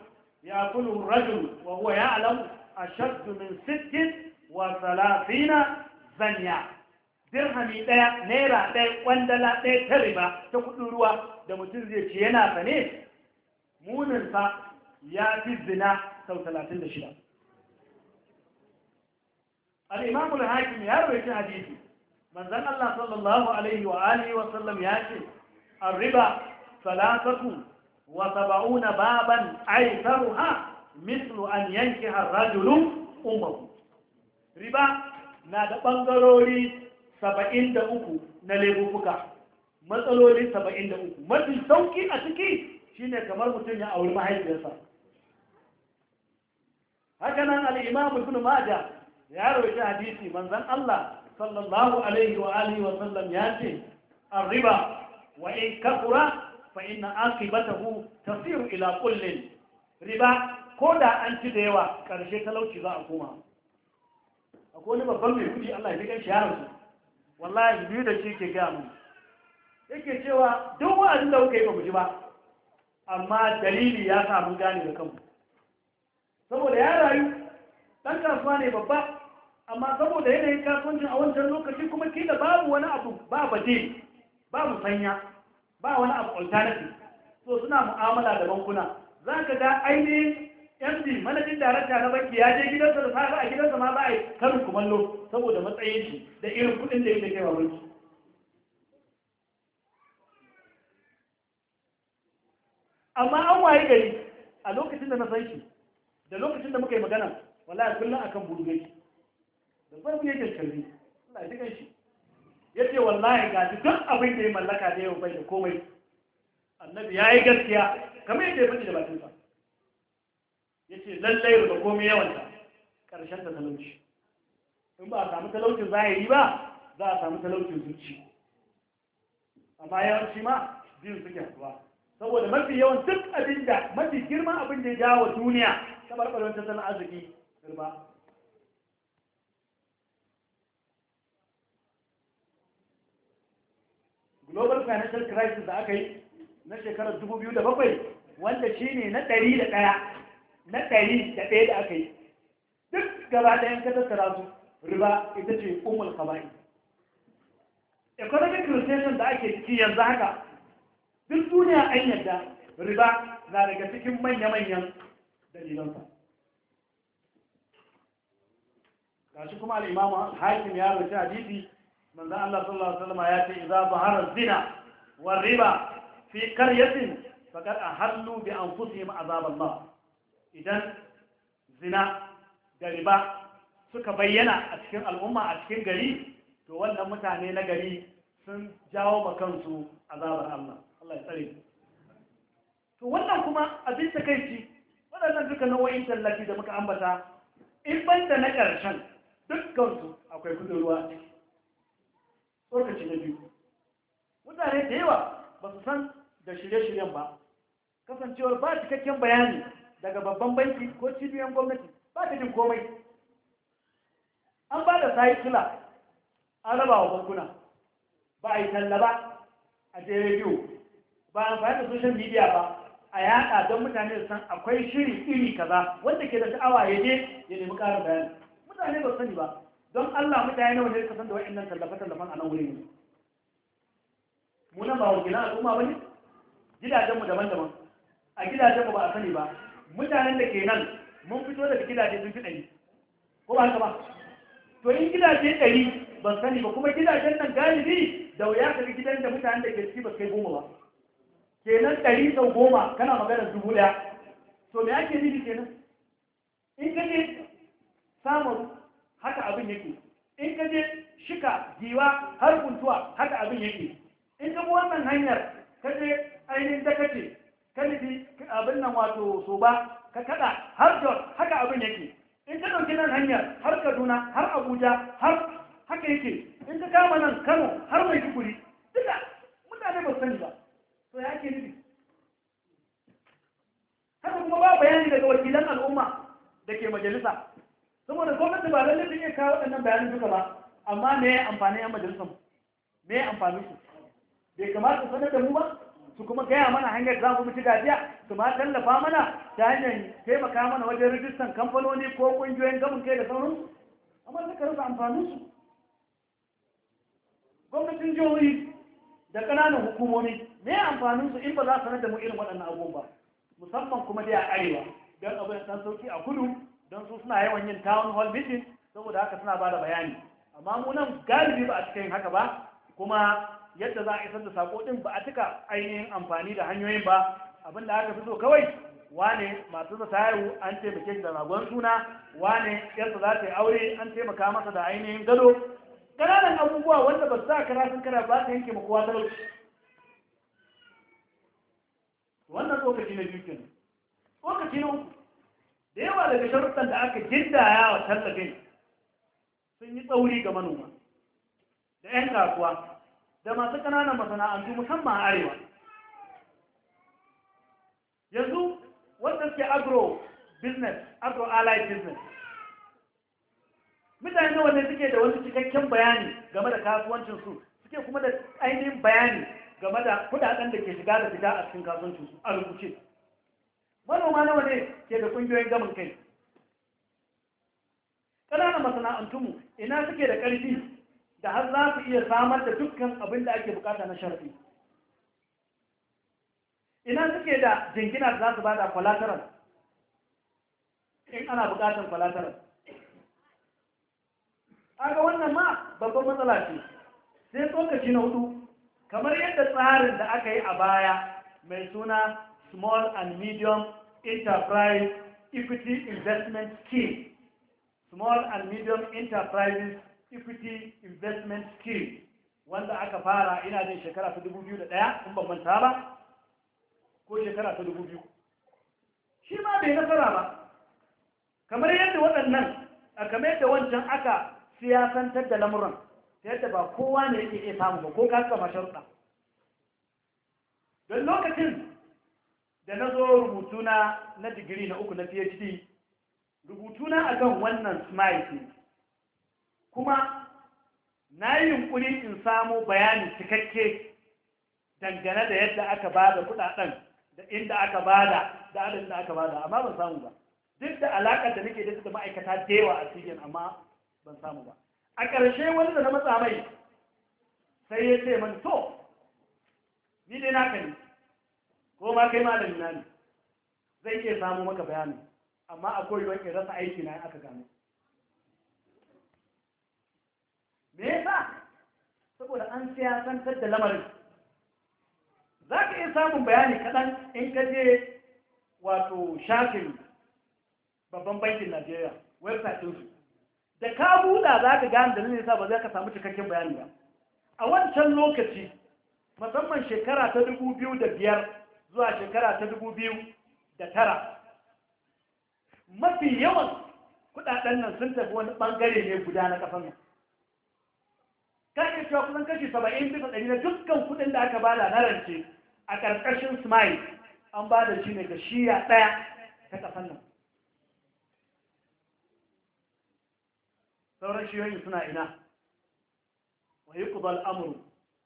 ya ar-rajul wa huwa ya'lam ashadd min sittin wa thalathina zanya dirhami daya naira daya kwandala daya ta riba ta kudin ruwa da mutum zai ce yana sane muninsa ya fi zina sau 36 da imam al-hakim ya rawaita hadisi manzan Allah sallallahu alaihi wa alihi wa ya ce arriba salatatu wa sab'una baban aitharuha mislu an yanki ar-rajulu riba na da bangarori 73 na laifuka matsaloli 73 mafi sauki a ciki shine kamar mutum ya auri mahaifiyarsa haka nan al-imam ibn majah ya rawaita hadisi manzan Allah sallallahu alaihi wa alihi wa sallam ya ce arriba wa in kafura fa inna aqibatahu tasiru ila kullin riba ko da an ci da yawa karshe talauci za a koma akwai wani babban mai kudi Allah ya fi ganshi yaransu wallahi biyu da shi ke gaya mu yake cewa duk wa'azin da kuka yi ba mu ji ba amma dalili ya sa mun gane da kanmu saboda ya rayu ɗan kasuwa ne babba amma saboda yanayin kasuwancin a wancan lokaci kuma ke da babu wani abu ba baje mu sanya ba wani abu alternative so suna mu'amala da bankuna za ka ga ainihin md manajin darakta na banki ya je gidansa da safe a gidansa ma ba a yi karin kumallo saboda matsayin shi da irin kudin da yake kai wa banki amma an waye gari a lokacin da na san shi da lokacin da muka yi magana wallahi kullum akan buru da zan ya daskari Allah ya shi ya ce wallahi ga duk abin da ya mallaka da yau bai da komai annabi ya yi gaskiya kamar yadda ya faɗi da bakinsa ya ce lallai da komai yawanta ƙarshen da talauci in ba a samu talaucin za yi ba za a samu talaucin zuci amma yawanci ma biyu suke haɗuwa saboda mafi yawan duk abin da mafi girman abin da ya jawo duniya ta barbarin tattalin arziki riba global financial crisis da aka yi na shekarar 2007 wanda shi ne na ɗari da ɗaya na ɗari da ɗaya da aka yi duk gaba ɗayan ka tattara su riba ita ce umar kaba'i economic recession da ake ciki yanzu haka duk duniya an yadda riba na daga cikin manya-manyan dalilansa shi kuma al'imama hakim ya rubuta hadisi manza Allah sallallahu alaihi wasallam ya ce idza bahara zina war riba fi qaryatin faqad ahallu bi anfusihim azab Allah idan zina da riba suka bayyana a cikin al'umma a cikin gari to wannan mutane na gari sun jawo ma kansu azabar Allah Allah ya tsare to wannan kuma abin takeici waɗannan duka nau'o'in tallafi da muka ambata in banta na ƙarshen dukkan su akwai kudin ruwa lokaci na biyu mutane da yawa ba su san da shirye-shiryen ba kasancewar ba cikakken bayani daga babban banki ko cibiyar gwamnati ba ta jin komai an ba da sayi kila an raba wa bankuna ba a yi talla ba a je rediyo ba a amfani da social media ba a yaɗa don mutane da san akwai shiri iri kaza wanda ke da sha'awa ya je ya nemi karin bayani mutane ba sani ba don Allah mutane nawa ne kasan da wa'annan tallafe-tallafen a nan wuri mu munan ba gina al'umma ba ne gidajenmu daban-daban a gidajenmu ba a sani ba mutanen da ke nan mun fito daga gidaje sun fi ɗari ko ba haka ba to in gidaje ɗari ban sani ba kuma gidajen nan galibi da wuya ka gidan da mutanen da ke ciki ba kai goma ba kenan ɗari sau goma kana maganar dubu ɗaya to me ake nufi kenan in ka je samun haka abin yake in ka je shika giwa har kuntuwa haka abin yake in ka bi wannan hanyar ka je ainihin dakace ka nufi abin nan wato so ba ka kada har jos haka abin yake in ka ɗauki nan hanyar har kaduna har abuja har haka yake in ka kama nan kano har mai duguri duka mutane ba sani ba to ya ke nufi haka kuma ba bayani daga wakilan al'umma da ke majalisa saboda gwamnati ba lalle ta iya kawo waɗannan bayanan duka ba amma me ya amfani yan majalisar me ya amfani su bai kamata sanar da mu ba su kuma gaya mana hanyar za mu ci gajiya su ma tallafa mana ta hanyar taimaka mana wajen rijistan kamfanoni ko ƙungiyoyin gamin kai da sauransu amma ka rasa amfanin su gwamnatin jihohi da ƙananan hukumomi me ya amfanin su in ba za su sanar da mu irin waɗannan abubuwa musamman kuma dai a arewa don abin san sauki a kudu don su suna yawan yin town hall meeting saboda haka suna ba da bayani amma mu nan galibi ba a cikin haka ba kuma yadda za a isar da sako din ba a cika ainihin amfani da hanyoyin ba abin da aka fi so kawai wane masu da tayaru an taimake da ragon suna wane yadda za ta yi aure an taimaka masa da ainihin gado ƙananan abubuwa wanda ba sa kara sun kara ba ta yanke ma kowa talauci wannan tsokaci na biyu kenan tsokaci na uku da yawa daga sharuɗan da aka gindaya wa tallafin sun yi tsauri ga manoma da 'yan kasuwa da masu ƙananan masana'antu musamman arewa yanzu wanda suke agro business agro allied business mutane wanda suke da wani cikakken bayani game da kasuwancinsu suke kuma da ainihin bayani game da kudaden da ke shiga da fita a cikin kasuwancinsu a rubuce manoma nawa ne ke da kungiyoyin gamin kai ƙananan masana'antunmu ina suke da ƙarfi da har za su iya samar da dukkan abin da ake bukata na sharfi ina suke da jingina za su bada collateral in ana bukatan A aga wannan ma babban matsala ce sai tsokaci na hudu kamar yadda tsarin da aka yi a baya mai suna Small and Medium Enterprise Equity Investment Scheme. Small and Medium Enterprises Equity Investment Scheme wanda aka fara ina jin shekara ta 2001 in ban manta ba ko shekara ta 2000 shi ma bai nasara ba kamar yadda waɗannan a kamar yadda wancan aka siyasantar da lamuran ta yadda ba kowa ne yake iya samu ba ko kasa shan sharuɗa don lokacin da na zo rubutuna na digiri na uku na phd rubutuna akan wannan smite kuma na yi yunkuri in samu bayani cikakke dangane da yadda aka ba da kudaden da inda aka ba da da adadin da aka ba da amma ban samu ba duk da alaƙar da nake da da ma'aikata da yawa a cikin amma ban samu ba a ƙarshe wani da na matsa mai sai ya ce man to ni dai na kani ko ma kai malami na ne zai iya samu maka bayani amma akwai wani rasa aiki na aka gano me yasa saboda an siyasantar da lamarin za ka iya samun bayani kaɗan in ka je wato shafin babban bankin najeriya website su da ka buɗa za ka gane ne yasa ba zai ka samu cikakken bayani ba a wancan lokaci musamman shekara ta dubu biyu da biyar zuwa shekara ta dubu biyu da tara mafi yawan kudaden nan sun tafi wani bangare ne guda na kafan nan cewa kusan kashi saba'in bisa ɗari na dukkan kudin da aka bada na rance a ƙarƙashin smile an ba da shi ne ga shiya ɗaya ta kafan nan sauran shiyoyin suna ina wa yi kubal amuru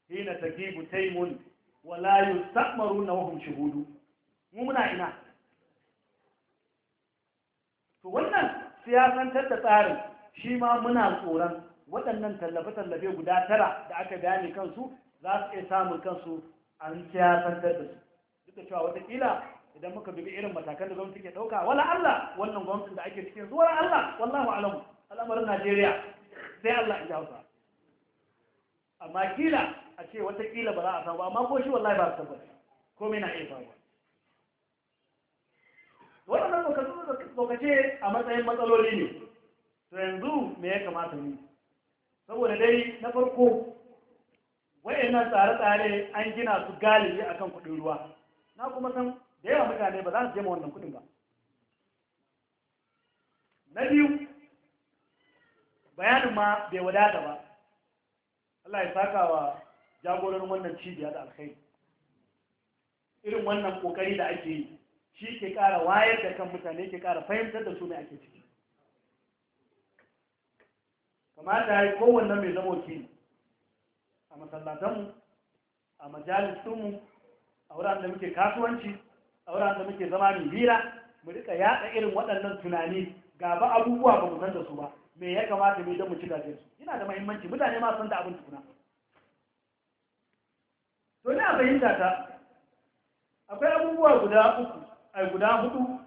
hina ta gibu taimun wala yustakmaruna wa hum shuhudu mu muna ina to wannan siyasantar da tsarin shi ma muna tsoron waɗannan tallafe-tallafe guda tara da aka gane kansu za su iya samun kansu an siyasantar da su duk da cewa watakila idan muka bibi irin matakan da gwamnati ke ɗauka wala Allah wannan gwamnatin da ake cikin zuwa Allah wallahu alamu al'amarin Najeriya sai Allah in ji Hausa amma kila a ce watakila ba za a samu amma ko shi wallahi ba a samu ko mai na iya samu waɗannan tsokace a matsayin matsaloli ne to yanzu me ya kamata ne saboda dai na farko wayannan tsare-tsare an gina su galibi akan kuɗin ruwa na kuma san da yawa mutane ba za su jema wannan kuɗin ba na biyu bayanin ma bai wadata ba Allah ya saka wa jagoran wannan cibiya da alkhairi irin wannan kokari da ake yi shi ke ƙara wayar da kan mutane ke kara fahimtar da su mai ake ciki kamata ya yi kowanne mai zama wakili a masallatanmu a majalisunmu a wuraren da muke kasuwanci a wuraren da muke zama mai hira mu rika yatsa irin waɗannan tunani gaba abubuwa ba mu san da su ba me ya kamata mu yi don mu ci su? yana da mahimmanci mutane ma san da abin tukuna to a fahimta ta akwai abubuwa guda uku a guda hudu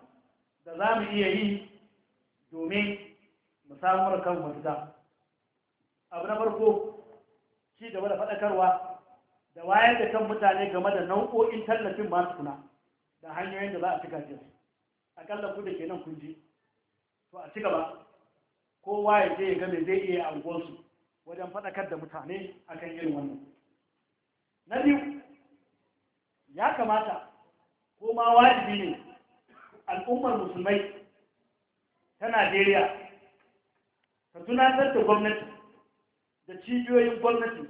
da za mu iya yi domin mu samar kan mafita abu na farko shi gaba da faɗakarwa da wayar da kan mutane game da nau'o'in tallafin masu kuna da hanyoyin da za a cika ce akalla ku da ke nan kunji to a ci gaba kowa ya je ya game zai iya anguwarsu wajen faɗakar da mutane akan irin wannan na biyu ya kamata ko ma wajibi ne al'ummar musulmai ta najeriya ta tunatar da gwamnati da cibiyoyin gwamnati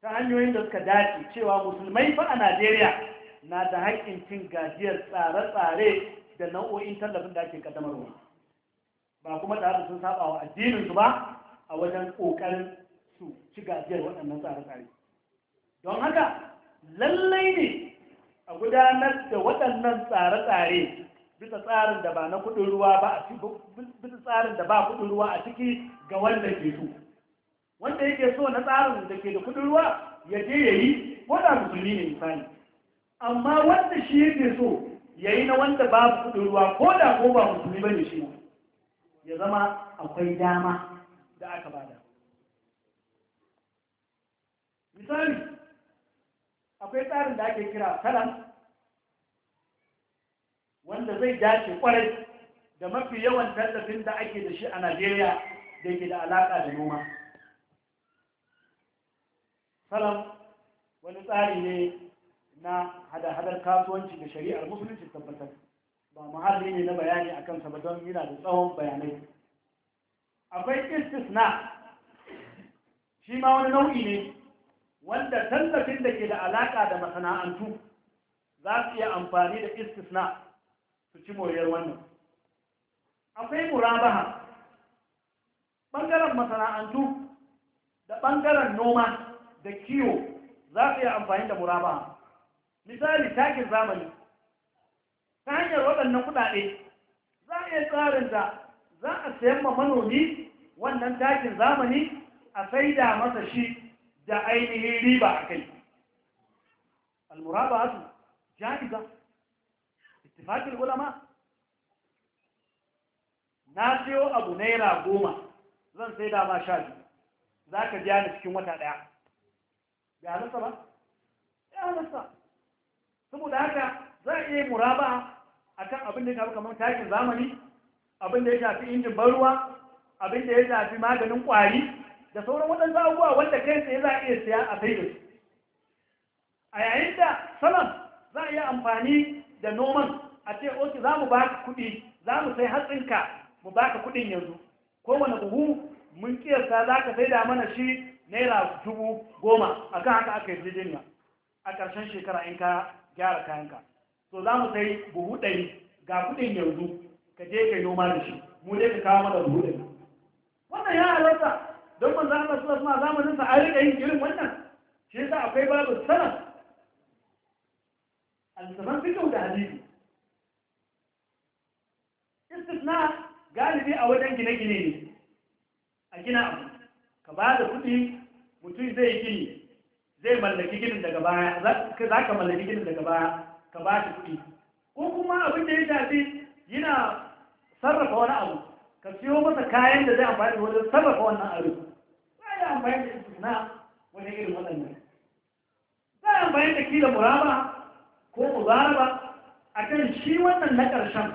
ta hanyoyin da suka dace cewa musulmai fa a najeriya na da haƙƙin cin gajiyar tsare-tsare da nau'o'in tallafin da ake kaddamarwa ba kuma da sun saba wa addininsu ba a wajen ƙoƙarin su ci gajiyar waɗannan tsare-tsare don haka lallai ne a gudanar da waɗannan tsare-tsare bisa tsarin da ba na kudin ruwa ba a bisa tsarin da ba kudin ruwa a ciki ga wanda ke so wanda yake so na tsarin da ke da kudin ruwa ya je ya yi wanda musulmi ne misali amma wanda shi yake so ya yi na wanda ba kudin ruwa ko da ko ba musulmi ba ne shi ya zama akwai dama da aka bada misali akwai tsarin da ake kira salam wanda zai dace kwarai da mafi yawan tallafin da ake da shi a najeriya da ke da alaƙa da noma salam wani tsari ne na hada-hadar kasuwanci da shari'ar musulunci tabbatar ba muhalli ne na bayani a kansa ba don yana da tsawon bayanai akwai istisna shi ma wani nau'i ne wanda tallafin da ke da alaƙa da masana'antu za su iya amfani da istisna su ci moriyar wannan akwai murabaha Bangaren masana'antu da ɓangaren noma da kiwo za su iya amfani da murabaha misali takin zamani ta hanyar waɗannan kuɗaɗe za a iya tsarin da za a sayan ma manomi wannan takin zamani a saida masa shi da ainihin riba a kai su ja'iza ittifaqul ulama na siyo abu naira goma zan sai da ma sha biyu za ka biya ni cikin wata ɗaya ya halatta ba ya halatta saboda haka za a iya muraba a kan abin da ya kamar takin zamani abin da ya shafi injin ban ruwa abin da ya shafi maganin ƙwari da sauran waɗansu abubuwa wanda kai tsaye za a iya siya a sai da su a yayin da salon za a iya amfani da noman a ce oke za mu ba ka kuɗi za mu sai hatsinka mu ba ka kuɗin yanzu ko wani buhu mun kiyasta za ka sai da mana shi naira dubu goma a kan haka aka yi jirgin a ƙarshen shekara in ka gyara kayanka so za mu sai buhu ɗari ga kuɗin yanzu ka je ka yi noma da shi mu dai ka kawo mana buhu ɗari wannan ya halarta don manzo Allah sallallahu alaihi wasallam zamanin sa an rika yin irin wannan shi yasa akwai babu salaf al-zaman fiqh da hadisi istisna galibi a wajen gine-gine ne a gina abu ka ba da kuɗi mutum zai gini zai mallaki ginin daga baya za ka mallaki ginin daga baya ka ba da kuɗi ko kuma abin da ya shafi yana sarrafa wani abu ka siyo masa kayan da zai amfani da wajen sarrafa wannan abu a amfani da istisna wani irin waɗannan za a amfani da kila muraba ko mubaraba a kan shi wannan na ƙarshen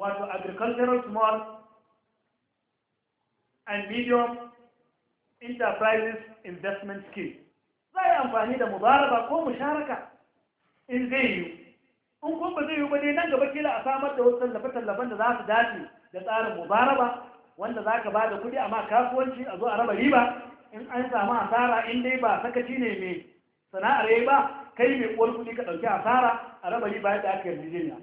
wato agricultural small and medium enterprises investment scheme za a yi amfani da mubaraba ko musharaka in zai yi in kuma ba zai yi ba nan gaba kila a samar da wasu tallafe-tallafen da za su dace da tsarin mubaraba wanda za ka ba da kudi amma kasuwanci a zo a raba riba in an samu asara in dai ba sakaci ne mai sana'ar yi ba kai mai uwar kuɗi ka ɗauki asara a raba ba yadda aka yarjejeniya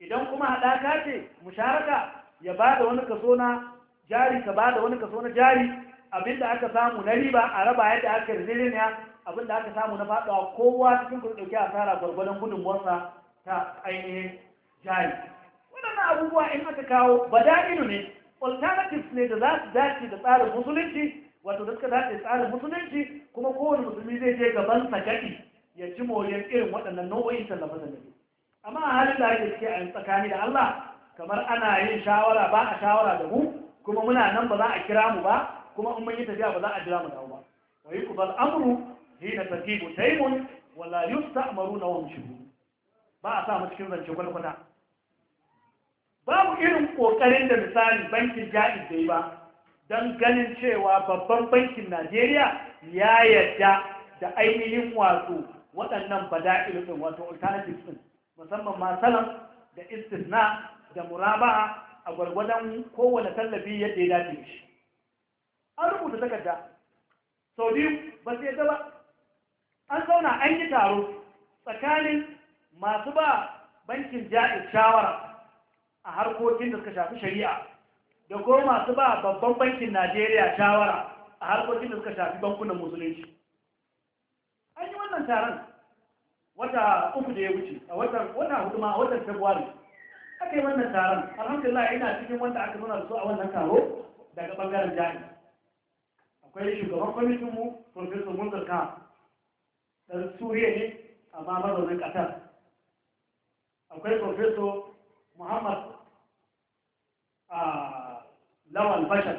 idan kuma haɗaka ce musharaka ya ba da wani kaso na jari ka ba da wani kaso na jari abinda aka samu na riba a raba yadda aka yarjejeniya abinda aka samu na faɗawa kowa cikin ku ɗauki asara gwargwadon gudunmuwarsa ta ainihin jari waɗannan abubuwa in aka kawo da ne alternatives ne da za su dace da tsarin musulunci wato da suka dace tsarin musulunci kuma kowane musulmi zai je gaban sajadi ya ji moriyar irin waɗannan nau'o'in tallafe-tallafe amma a halin da ake cike a yin tsakani da Allah kamar ana yin shawara ba a shawara da mu kuma muna nan ba za a kira mu ba kuma in mun yi tafiya ba za a jira mu dawo ba wa ku bal amru hina taqibu taymun wala na wam mushibu ba a sa mu cikin zance kwalkwata babu irin kokarin da misali bankin jaiz yi ba don ganin cewa babban bankin najeriya ya yarda da ainihin wato waɗannan bada'il ɗin wato alternatives ɗin musamman salam da istisna da muraba'a a gwargwadon kowane tallafi yadda ya dace shi an rubuta takarda sau biyu ba sai ta ba an zauna an yi taro tsakanin masu ba bankin ja'in shawara a harkokin da suka shafi shari'a da ko masu ba babban bankin najeriya shawara a harkokin da suka shafi bankunan musulunci an yi wannan taron wata uku da ya wuce a wata hudu ma a watan february aka yi wannan taron alhamdulillah ina cikin wanda aka nuna su a wannan taro daga bangaren jami akwai shugaban kwamitinmu professor munzar khan ɗan suriya ne amma mazaunin ƙasar akwai professor muhammad a ah, lawan bashar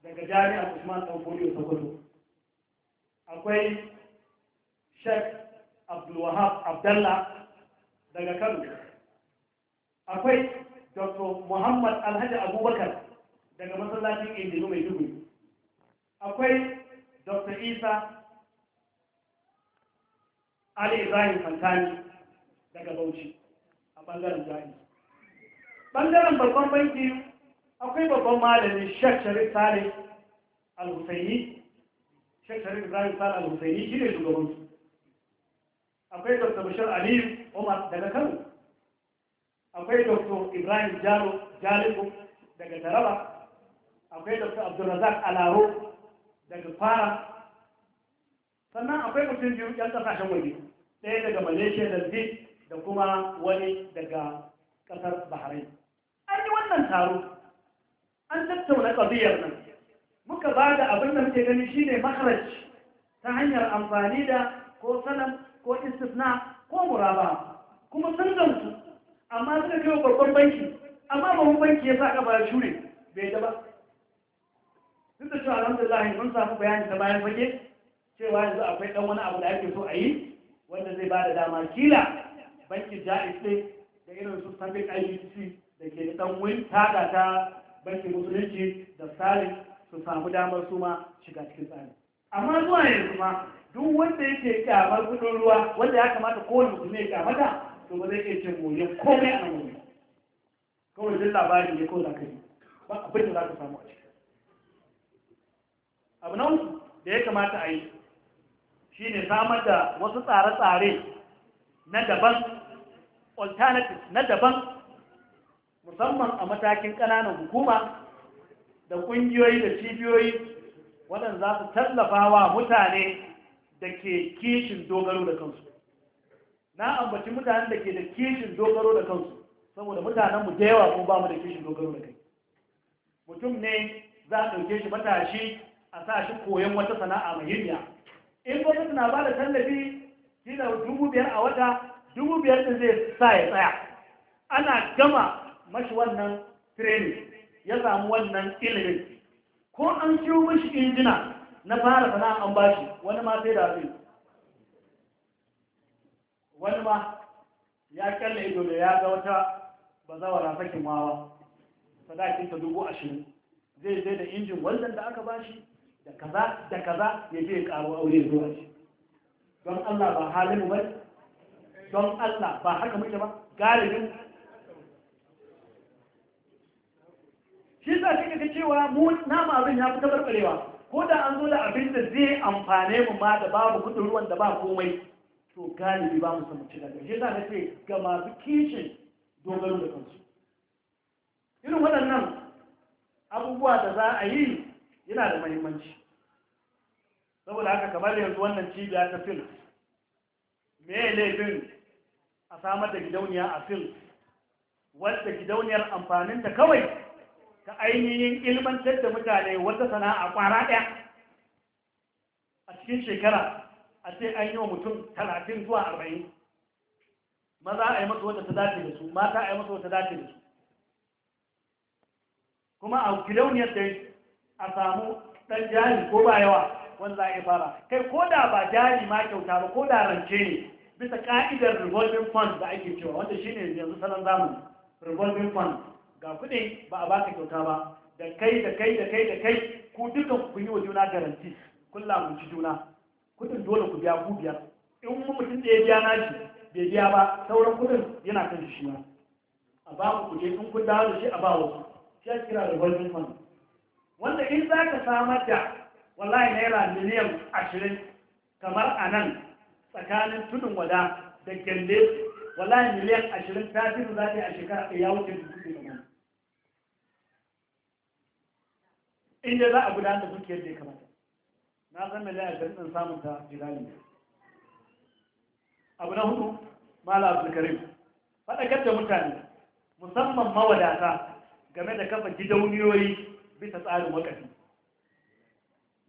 daga jami'ar usman a sokoto akwai sheikh abdulwahab abdallah daga kano akwai dr muhammad alhaji abubakar daga masallacin indigo mai dubu akwai dr isa ali ibrahim fantani daga bauchi a bangaren jami'a bangaren babban banki akwai babban malami shek sharif salih al-husaini shek sharif zai salih al-husaini shi ne shugaban su akwai dr bashar aliyu omar daga kano akwai dr ibrahim jalibu daga taraba akwai dr abdulrazak alaro daga fara sannan akwai mutum biyu yan kasashen waje ɗaya daga malaysia da zai da kuma wani daga ƙasar bahrain an yi wannan taro an tattauna ƙabiyar nan muka ba da abin da muke gani shine makaraj ta hanyar amfani da ko salam ko istisna ko muraba kuma sun gamsu amma suka kai babban banki amma babban banki ya sa ya shure bai da ba duk da cewa alhamdulillah mun samu bayani ta bayan fage cewa yanzu akwai ɗan wani abu da ake so a yi wanda zai ba da dama kila bankin jaiz da irin su sabiq ibc da ke da ɗan wani tada ta bankin musulunci da tsari su samu damar su ma shiga cikin tsari amma zuwa yanzu ma duk wanda yake kyamar kudin ruwa wanda ya kamata kowane musulmi ya kyamata to ba zai iya cin goyon komai a nan kawai duk labari ne ko zakari ba abin da za ka samu a ciki abu na uku da ya kamata a yi shi ne samar da wasu tsare-tsare na daban alternatives na daban musamman a matakin ƙananan hukuma da ƙungiyoyi da cibiyoyi waɗanda za su tallafa wa mutane da ke kishin dogaro da kansu na ambaci mutanen da ke da kishin dogaro da kansu saboda mutanenmu da yawa ko ba mu da kishin dogaro da kai mutum ne za a ɗauke shi matashi a sa shi koyon wata sana'a mai muhimmiya in gwamnati na ba da tallafi kila dubu biyar a wata dubu biyar ɗin zai sa ya tsaya ana gama mashi wannan training ya samu wannan ilimin ko an ciwo mashi injina na fara sana an bashi wani ma sai da zai wani ma ya kyalle ido da ya ga wata bazawara sakin wawa sadakinta dubu ashirin zai zai da injin wannan da aka bashi da kaza da kaza ya je karo aure zuwa shi don Allah ba halin ba don Allah ba haka muke ba galibin shi sa shi ga cewa mu nama abin ya fi tabarbarewa ko da an zo da abin da zai amfane mu ma da babu kudin ruwan da ba komai to galibi ba mu san mu cika shi sa na ce ga masu kishin dogaro da kansu irin waɗannan abubuwa da za a yi yana da muhimmanci. saboda haka kamar yanzu wannan cibiya ta fil me laifin a samar da gidauniya a fil wadda gidauniyar amfaninta kawai ta ainihin ilmantar da mutane wata sana'a kwara ɗaya a cikin shekara a ce an yi wa mutum talatin zuwa arba'in maza a yi masu wata ta dace da su mata a yi masu wata dace da su kuma a gidauniyar da a samu ɗan jari ko ba yawa wanda za a yi fara kai ko da ba jari ma kyauta ba ko da rance ne bisa ka'idar revolving fund da ake cewa wanda shine yanzu salon zamani revolving fund ga kuɗi ba a baka kyauta ba da kai da kai da kai da kai ku dukan ku yi wa juna garanti kun lamunci juna kuɗin dole ku biya ku biyar in mutum ɗaya biya na shi bai biya ba sauran kuɗin yana kan shi ma a ba ku kuɗi in kun dawo da shi a ba wasu shi ya kira da wajen fund wanda in za ka samar da wallahi naira miliyan ashirin kamar a nan tsakanin tudun wada da gende wallahi miliyan ashirin ta fi zafi a shekara ɗaya wuce da ɗaya inda za a gudanar da dukiyar da ya kamata na san miliyar da ɗin samun ta jirani abu na hudu mala karim faɗakar da mutane musamman mawadata game da kafa gidauniyoyi bisa tsarin wakafi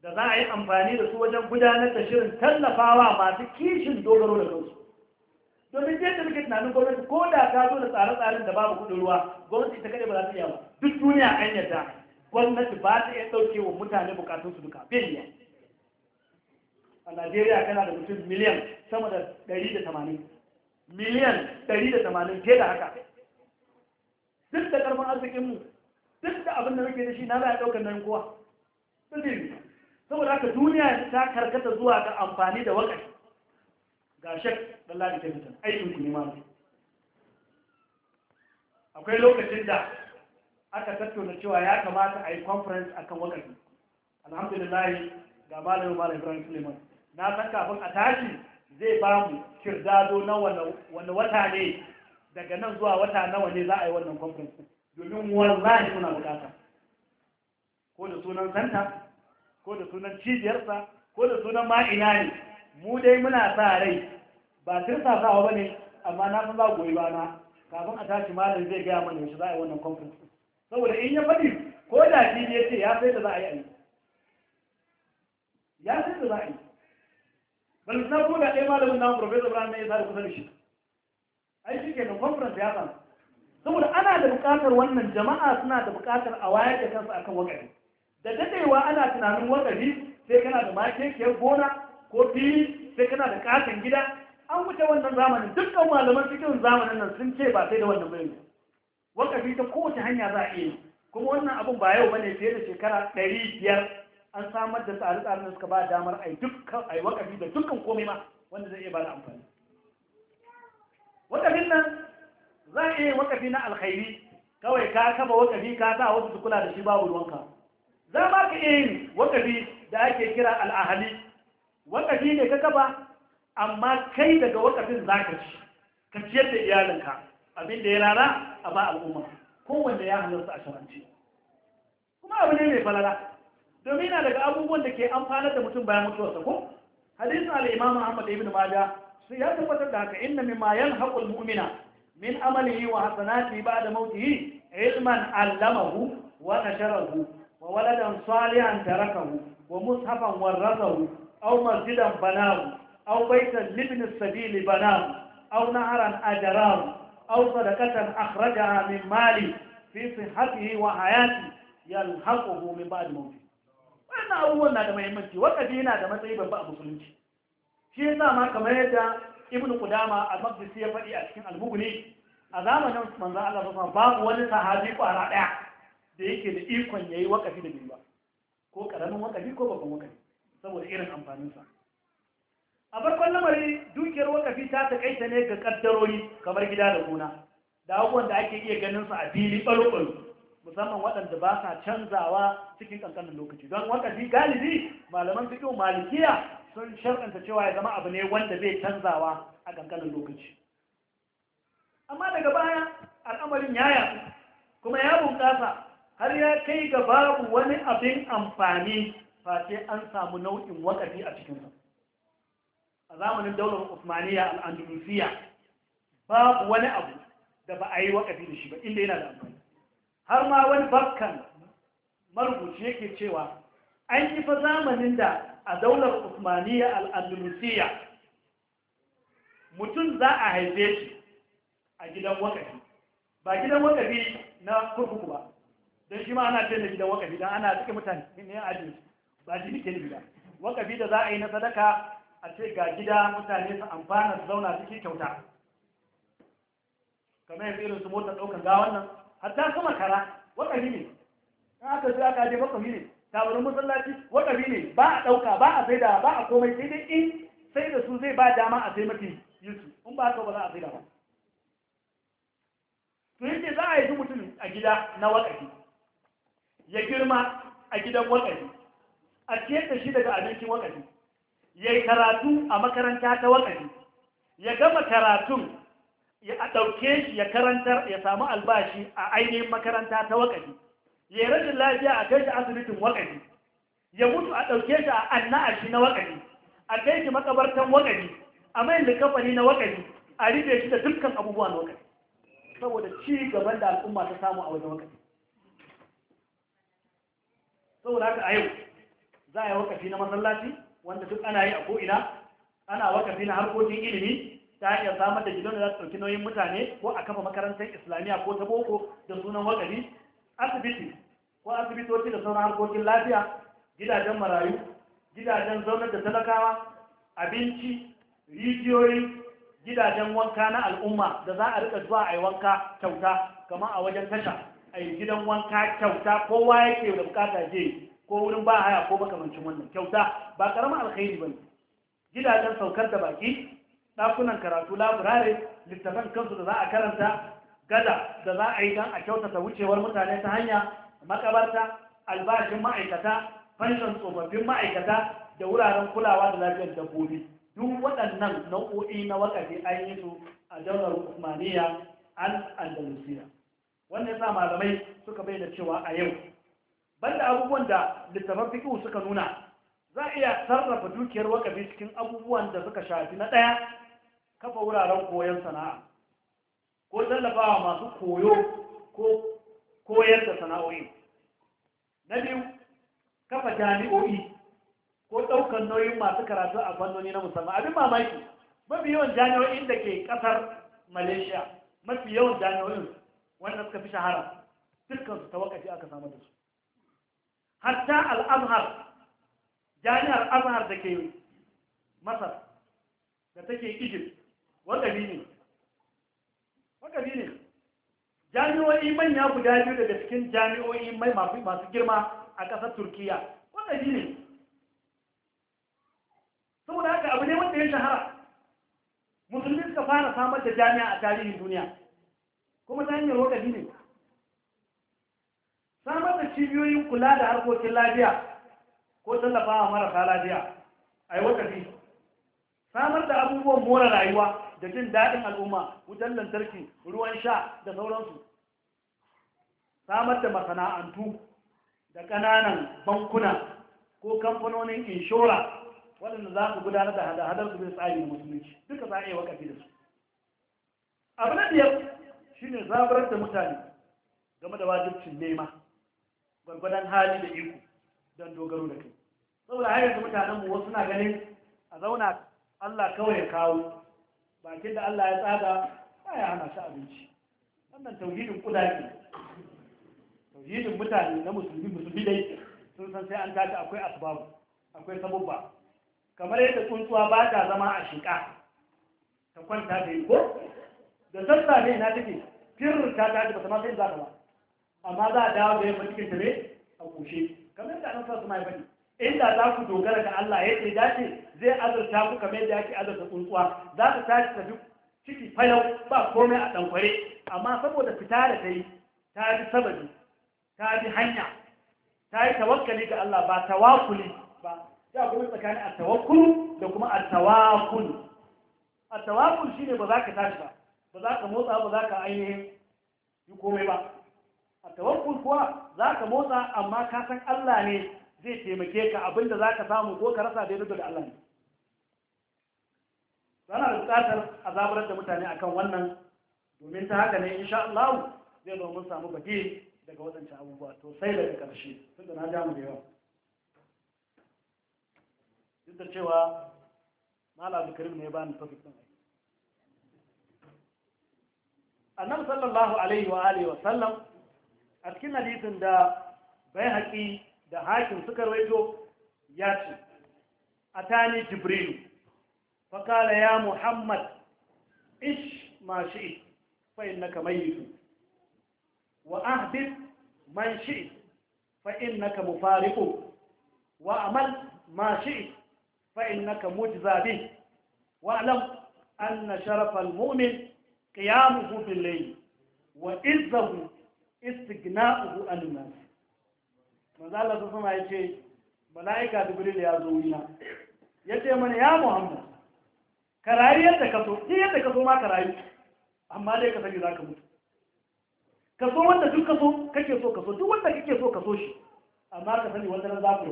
da za a yi amfani da su wajen gudanar da shirin tallafawa masu kishin dogaro da kansu domin yadda muke tunanin gwamnati ko da ta zo da tsare-tsaren da babu kudin ruwa gwamnati ta kaɗe ba za ta iya ba duk duniya an yadda gwamnati ba ta iya ɗauke wa mutane bukatun su duka biliyan a najeriya kana da mutum miliyan sama da 180 miliyan 180 ke da haka duk da karfin arzikinmu duk da abin da muke da shi na za a ɗaukar nan kowa saboda haka duniya ta karkata zuwa ga amfani da wakari ga shek ɗan ladi mutum aikin ku ne ma akwai lokacin da aka tattauna cewa ya kamata a yi conference a kan wakafi alhamdulillah ga malam malam ibrahim suleiman na san kafin a tashi zai ba mu kirdado na wanda wata ne daga nan zuwa wata nawa ne za a yi wannan conference domin wallahi muna bukata ko da sunan santa ko da sunan cibiyarsa ko da sunan ma'ina ne mu dai muna sa rai ba sa sawa ba ne amma na san za goyi ba na kafin a tashi malam zai gaya mana yaushe za a yi wannan conference saboda in ya faɗi ko da shi ne ce ya sai da za a yi aiki ya sai da za a yi bal na ko da ɗaya malamin namu professor Brown ne ya sa da kusa da shi ai shi kenan conference ya samu saboda ana da buƙatar wannan jama'a suna da buƙatar a wayar da kansu akan wakari da dadewa ana tunanin wakari sai kana da makekiyar gona ko fili sai kana da katin gida an wuce wannan zamanin dukkan malaman cikin zamanin nan sun ce ba sai da wannan bayani wakafi ta kowace hanya za a yi kuma wannan abun ba yau bane fiye da shekara ɗari biyar an samar da tsare tsare da suka ba damar a yi dukkan a yi wakafi da dukkan komai ma wanda zai iya ba da amfani wakafin nan za a iya wakafi na alkhairi kawai ka kaba wakafi ka sa wasu su kula da shi babu ruwanka za ma ka iya yin wakafi da ake kira al'ahali wakafi ne ka kaba amma kai daga wakafin za ka ci ka ciyar da iyalinka abin da ya rara a ba al'umma kowanne ya halarta a sharance kuma abu ne mai falala domin yana daga abubuwan da ke amfanar da mutum bayan mutuwarsa ko hadisin al’imam Muhammad Ahmad ibn Majah sai ya tabbatar da haka inna mimma yalhaqu al-mu'mina min amalihi wa hasanatihi ba'da mautihi ilman 'allamahu wa nasharahu wa waladan salihan tarakahu wa mushafan warrathahu aw masjidan banahu aw baytan libni sabili banahu aw naharan ajarahu أو صدقة أخرجها من مالي في صحته وحياتي يلحقه من بعد موتي wannan abubuwan na da mahimmanci wakafi na da matsayi babba a musulunci shi yasa ma kamar yadda ibn qudama al-maqdisi ya faɗi a cikin al-mughni a zamanin manzo Allah sallallahu babu wani sahabi kwara ɗaya da yake da ikon yayi wakafi da bai ba ko karamin wakafi ko babban wakafi saboda irin amfanin sa a farkon lamari dukiyar wakafi ta takaita ne ga kaddarori kamar gida da gona da abubuwan da ake iya ganin su a fili ɓaro musamman waɗanda ba sa canzawa cikin ƙanƙanin lokaci don wakafi galibi malaman fiƙo malikiya sun sharɗanta cewa ya zama abu ne wanda zai canzawa a ƙanƙanin lokaci amma daga baya al'amarin ya yaɗu kuma ya bunƙasa har ya kai ga babu wani abin amfani face an samu nau'in wakafi a cikinsa zamanin daular Usmaniya al'andalusiya babu wani abu da ba a yi wakafi da shi ba inda yana da amfani har ma wani bakkan marubuci yake cewa an yi fa zamanin da a daular Usmaniya al'andalusiya mutum za a haife shi a gidan wakafi ba gidan wakafi na kurkuku ba don shi ma ana ce da gidan wakafi don ana suke mutane ne a ba shi ke gida wakafi da za a yi na sadaka a ce ga gida mutane su amfana su zauna ciki kyauta kamar yanzu irin su mota ɗaukar gawan nan hatta su Kara, wakafi ne ta aka zuwa ka je wakafi ne tabarin masallaci wakafi ne ba a ɗauka ba a saida ba a komai sai dai in sai da su zai ba dama a sai mafi yusu in ba ka ba za a saida ba to yake za a yi mutum a gida na ya girma a gidan a ciyar da shi daga abincin wakafi ya yi karatu a makaranta ta wakari ya gama karatun ya ɗauke shi ya karantar ya samu albashi a ainihin makaranta ta wakari ya yi rashin lafiya a kai shi asibitin wakari ya mutu a ɗauke shi a anna'ashi na wakari a kai shi makabartan wakari a mai likafani na wakari a rufe shi da dukkan abubuwan saboda ci gaban da al'umma ta samu a wajen wakari saboda haka a yau za a yi wakafi na masallaci wanda duk ana yi a ko'ina ana wakafi na harkokin ilimi ta hanyar samar da gidan da za su ɗauki nauyin mutane ko a kafa makarantar islamiyya ko ta boko da sunan wakafi asibiti ko asibitoci da sauran harkokin lafiya gidajen marayu gidajen zaunar da talakawa abinci rijiyoyi gidajen wanka na al'umma da za a rika zuwa a yi wanka kyauta kamar a wajen tasha a yi gidan wanka kyauta kowa yake da bukata je ko wurin ba haya ko makamancin wannan kyauta ba karamin alkhairi ba ne gidajen saukar da baki ɗakunan karatu laburare littafan kansu da za a karanta gada da za a yi don a kyautata wucewar mutane ta hanya makabarta albashin ma'aikata fanshon tsofaffin ma'aikata da wuraren kulawa da lafiyar dabbobi duk waɗannan nau'o'i na wakafi an yi su a daular usmaniya an andalusiya wannan yasa malamai suka bayyana cewa a yau banda abubuwan da littafan fiƙihu suka nuna za a iya sarrafa dukiyar wakabi cikin abubuwan da suka shafi na ɗaya kafa wuraren koyon sana'a ko tallafawa masu koyo ko koyar da sana'o'i na biyu kafa jami'o'i ko ɗaukar nauyin masu karatu a fannoni na musamman abin mamaki mafi yawan jami'o'in da ke ƙasar malaysia mafi yawan jami'o'in wanda suka fi shahara dukkan su ta wakafi aka samar da su hatta al'azhar jami'ar azhar da ke masar da take egypt wakabi ne wakabi ne jami'o'i manya guda biyu daga cikin jami'o'i mai masu girma a ƙasar turkiya wakabi ne saboda haka abu ne wanda ya shahara musulmi suka fara samar da jami'a a tarihin duniya kuma ta hanyar wakabi ne samar da cibiyoyin kula da harkokin lafiya ko tallafawa marasa lafiya a yi fi samar da abubuwan more rayuwa da jin daɗin al'umma wutar lantarki ruwan sha da sauransu samar da masana'antu da ƙananan bankuna ko kamfanonin inshora waɗanda za su gudanar da hada-hadar su bai tsari da musulunci duka za a iya wakafi da su abu na biyar shi ne zabarar da mutane game da wajibcin nema gwargwadon hali da iko don dogaro da kai saboda hanyar da mutanenmu wasu na ganin a zauna Allah kawai ya kawo bakin da Allah ya tsada ba ya hana shi abinci wannan tauhidin kudaki tauhidin mutane na musulmi musulmi dai sun san sai an tashi akwai asbabu akwai sabubba kamar yadda tsuntsuwa ba ta zama a shiƙa ta kwanta da yi ko da sassa ne na take firin ta tafi, ba ta ma sai za ta ba amma za a dawo ga yamma cikin tare a kushe kamar da nan su mai wasallam inda za ku dogara ga Allah ya ce dace zai azurta ku kamar yadda yake azurta tsuntsuwa za ku tashi ta duk ciki falau ba komai a dankware amma saboda fita da ta yi ta bi sababi ta bi hanya ta yi tawakkali ga Allah ba tawakuli ba ya kuma tsakanin a tawakkul da kuma a tawakulu a tawakul shine ba za ka tashi ba ba za ka motsa ba za ka ainihin yi komai ba a tawakkul kuwa za ka motsa amma ka san Allah ne zai taimake ka abinda za ka samu ko ka rasa daidai daga Allah ne sana da bukatar azabar da mutane akan wannan domin ta haka ne insha Allah zai zo mun samu baki daga waɗancan abubuwa to sai daga ƙarshe tunda na ja mu da yawa duk da cewa mala zikirin ne ba ni tafi ɗin annabi sallallahu alaihi wa alihi wa sallam a cikin hadisin da bai haƙi da hakin suka raito ya ce a tani jibrilu fakala ya muhammad ish ma shi'i fa'in na kamar yi wa ahdif man shi'i fa'in na kamu wa amal ma shi'i fa'in na kamu wa alam an na sharafar mumin ƙiyamu hufin layi wa izahu istighna'u an nas manzo Allah sun sama yace malaika jibril ya zo wina yace mana ya muhammad karari yadda ka so ni yadda ka so ma karari amma dai ka sani zaka mutu ka so wanda duk ka so kake so ka so duk wanda kake so ka so shi amma ka sani wanda nan za ku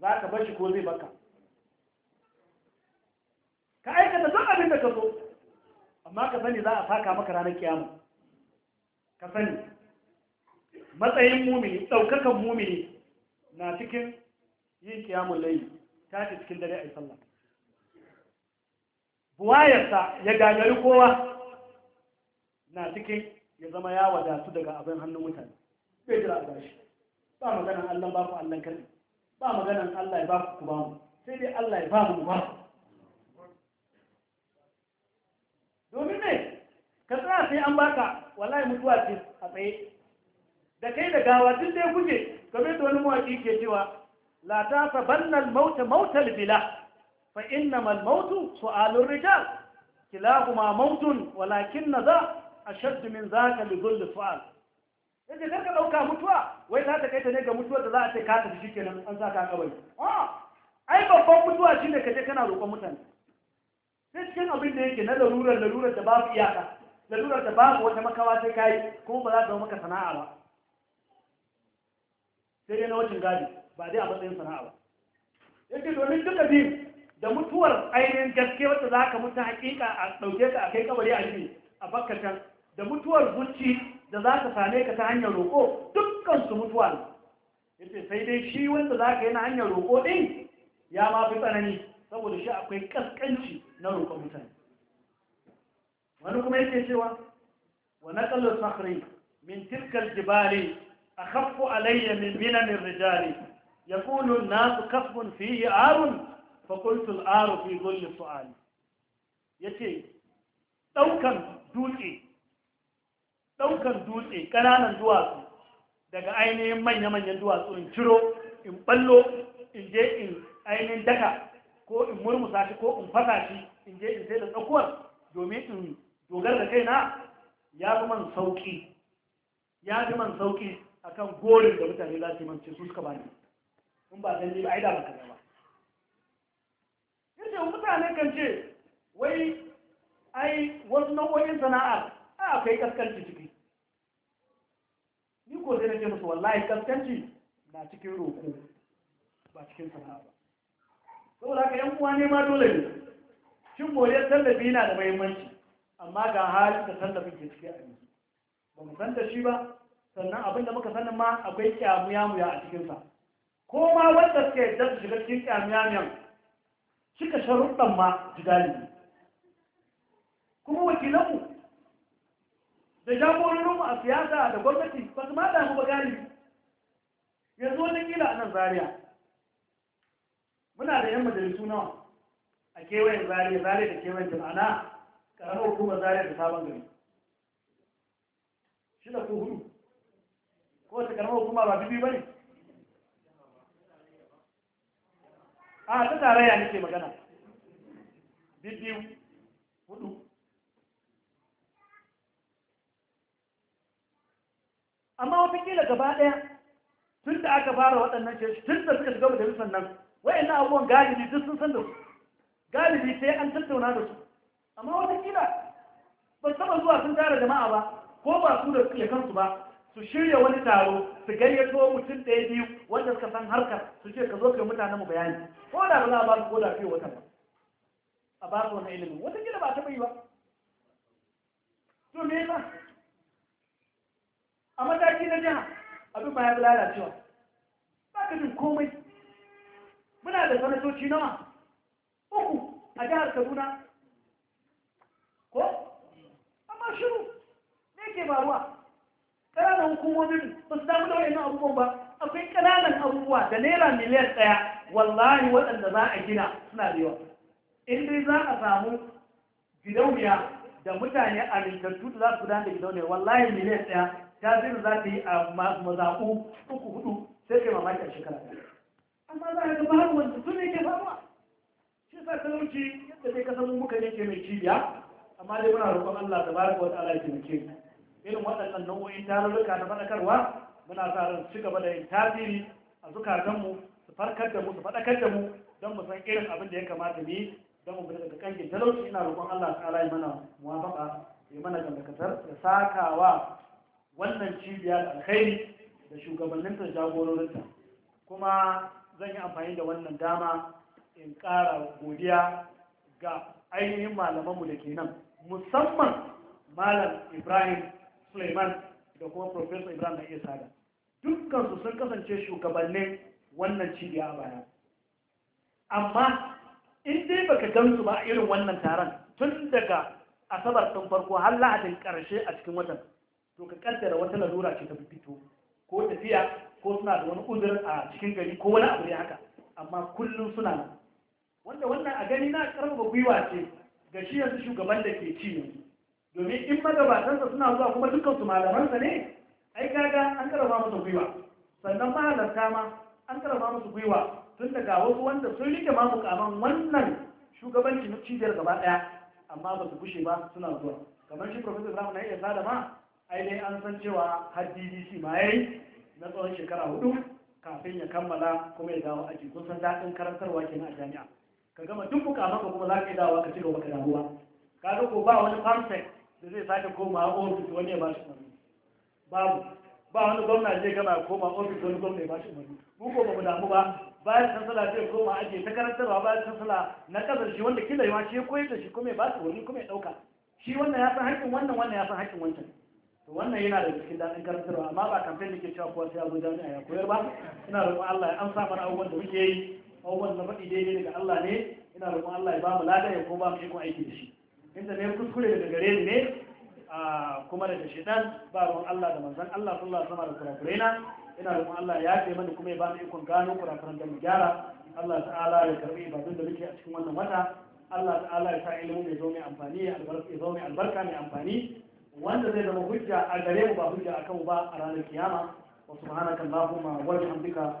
zaka za ka bar shi ko zai baka ka aikata duk abin da ka so amma ka sani za a saka maka ranar kiyama ka sani matsayin mumini ɗaukakan mumini na cikin yin kiyamun layi ta ce cikin dare a yi sallah buwayarsa ya gagari kowa na cikin ya zama ya wadatu daga abin hannun mutane bai jira a shi ba maganan allon ba ku allon kan ba maganan allah ya ba ku ku ba mu sai dai allah ya ba mu ba domin ne sai an baka wallahi mutuwa ce a tsaye da kai da gawa tun dai kuke kamar da wani mawaki ke cewa la ta sabannal mauta mautal bila fa innamal mautu su'alur rijal kilahuma mautun walakin nadha ashadd min zaka li dhul fa'al yace kar ka dauka mutuwa wai za ta kai ta ne ga mutuwar da za a ce ka tafi shikenan an sa ka kawai ah, ai babban mutuwa shine kaje kana roƙon mutane sai cikin abin da yake na larurar larurar da babu iyaka lalurar da babu wata makawa sai kayi kuma ba za ta maka sana'a ba sai dai na gadi ba dai a matsayin sana'a ba yake domin duka biyu da mutuwar ainihin gaske wacce za ka mutu hakika a ɗauke ka a kai kabari a jini a bakkatan da mutuwar zuci da za ka same ka ta hanyar roƙo dukkan su mutuwa ne yace sai dai shi wanda za ka yi na hanyar roƙo ɗin ya ma fi tsanani saboda shi akwai ƙasƙanci na roƙon mutane wani kuma yake cewa wa naqalu sakhri min tilka aljibali akhaffu alayya min minan ar-rijali yaqulu an-nas kasbun fihi arun fa qultu al-aru fi dhulli su'ali yace daukan dutse daukan dutse kananan duwatsu daga ainihin manya-manyan duwatsu in ciro in ballo in je in ainihin daka ko in murmusa shi ko in fasa shi in je in sai da tsakuwar domin in dogar da kaina ya fi man sauki ya fi man sauki kan gorin da mutane za su yi mance su suka bani in ba zan yi ba yi da maka ba yadda mutane kan ce wai ai wasu nau'o'in sana'a a kai kaskanci ciki ni ko sai na ce musu wallahi kaskanci na cikin roko ba cikin sana'a ba saboda haka yan uwa ne ma dole ne cin moriyar tallafi yana da mahimmanci. amma ga halin da tallafin ke ciki a yanzu ba mu san da shi ba sannan abin da muka sanin ma akwai kyamuyamuya a cikinsa ko ma wanda suke yadda su shiga cikin kyamuyamuyan cika sharuɗan ma jidali galibi. kuma wakilanmu da jagororinmu a siyasa da gwamnati ba su ma damu ba galibi yanzu wani kila a nan Zariya. muna da yan majalisu nawa a kewayen zaria zaria da kewayen jama'a karamar hukumar zariya da sabon gari shida da kuhuru ko wata karamar kuma ba bibi ba ne a ta ya nake magana bibi hudu amma ƙila gaba ɗaya tun da aka fara waɗannan shi tun da suka shiga majalisar nan wa'in abubuwan galibi duk sun san da su galibi sai an tattauna da su amma watakila ba saba zuwa sun tara jama'a ba ko ba su da suke kansu ba su shirya wani taro su gayyato mutum ɗaya biyu wanda suka san harkar su ce ka zo yi mutanen mu bayani ko da ba za a ba su ko da fiye watan ba a ba su wannan ilimin watakila ba ta bai ba to me ba a mataki na jiha abin ba ya fi lalacewa ba ka jin komai muna da sanatoci nawa uku a jihar kaduna ko amma shiru ne ke faruwa ƙananan hukumomin ba su damu da wayannan abubuwan ba akwai ƙananan abubuwa da naira miliyan ɗaya wallahi waɗanda za a gina suna da yawa in dai za a samu gidauniya da mutane a rintattu da za su gudanar da gidauniya wallahi miliyan ɗaya ta zira za ta yi a mazaɓu uku hudu sai kai mamaki a shekara amma za a har wanda ke faruwa shi sa talauci yadda dai kasan muka ne mai cibiya amma dai muna roƙon Allah da baraka wata ala ya taimake irin waɗannan nau'o'in tarurruka na faɗakarwa muna sa ran ci gaba da yin tasiri a mu su farkar da mu su faɗakar da mu don mu san irin abin da ya kamata mu yi don mu fita daga kankin talauci ina roƙon Allah ta ala ya mana muwafaqa ya mana gamdakatar da sakawa wannan cibiya da alkhairi da shugabanninta da jagororinta kuma zan yi amfani da wannan dama in ƙara godiya ga ainihin malamanmu da ke nan musamman malam ibrahim suleiman da kuma professor ibrahim na iya sada dukkansu sun kasance shugabannin wannan cibiya a baya amma in dai baka gamsu ba irin wannan taron tun daga asabar tun farko har lahadin karshe a cikin watan to ka kaddara wata lalura ce ta fito ko tafiya ko suna da wani uzur a cikin gari ko wani abu ne haka amma kullum suna nan wanda wannan a gani na karfafa gwiwa ce ga shi yanzu shugaban da ke ci ne domin in magabatansa suna zuwa kuma dukkan su malamansa ne ai kaga an karama musu gwiwa sannan mahalarta ma an karama musu gwiwa tun daga wasu wanda sun rike ma mukaman wannan shugabanci cibiyar gaba daya amma ba su gushe ba suna zuwa kamar shi professor Ibrahim na iya sada ma ai dai an san cewa har ddc ma yayi na tsawon shekara hudu kafin ya kammala kuma ya dawo aji kun san daɗin karantarwa kenan a jami'a ka gama duk maka kuma za ka yi dawa ka ci maka damuwa ka ko ba wani farfek da zai sake koma ofis wani ya ba shi mani babu ba wani gwamna zai gama koma ofis wani gwamna ya ba shi mani mu ko ba mu damu ba bayan sansala zai koma ake ta karantarwa bayan sansala na kasar shi wanda kila ma shi ya koyar da shi kuma ya ba su wani kuma ya ɗauka shi wannan ya san hakkin wannan wannan ya san hakkin wancan to wannan yana da cikin daɗin karantarwa amma ba kamfen da ke cewa kowa sai ya zo jami'a ya koyar ba ina roƙon Allah ya amsa mana abubuwan da muke yi abubuwan na faɗi daidai daga Allah ne ina roƙon Allah ya ba mu lada ya kuma ba mu ikon aiki da shi inda ne kuskure daga gare ni ne kuma daga shaitan ba ruwan Allah da manzan Allah sallallahu alaihi wasallam da kurakurai na ina roƙon Allah ya yafe mani kuma ya ba mu ikon gano kurakuran da mu gyara Allah ta'ala ya karbi ibadun da muke a cikin wannan wata Allah ta'ala ya sa ilimin mai zo mai amfani ya zo mai albarka mai amfani wanda zai zama hujja a gare mu ba hujja akan ba a ranar kiyama wa subhanaka allahumma wa bihamdika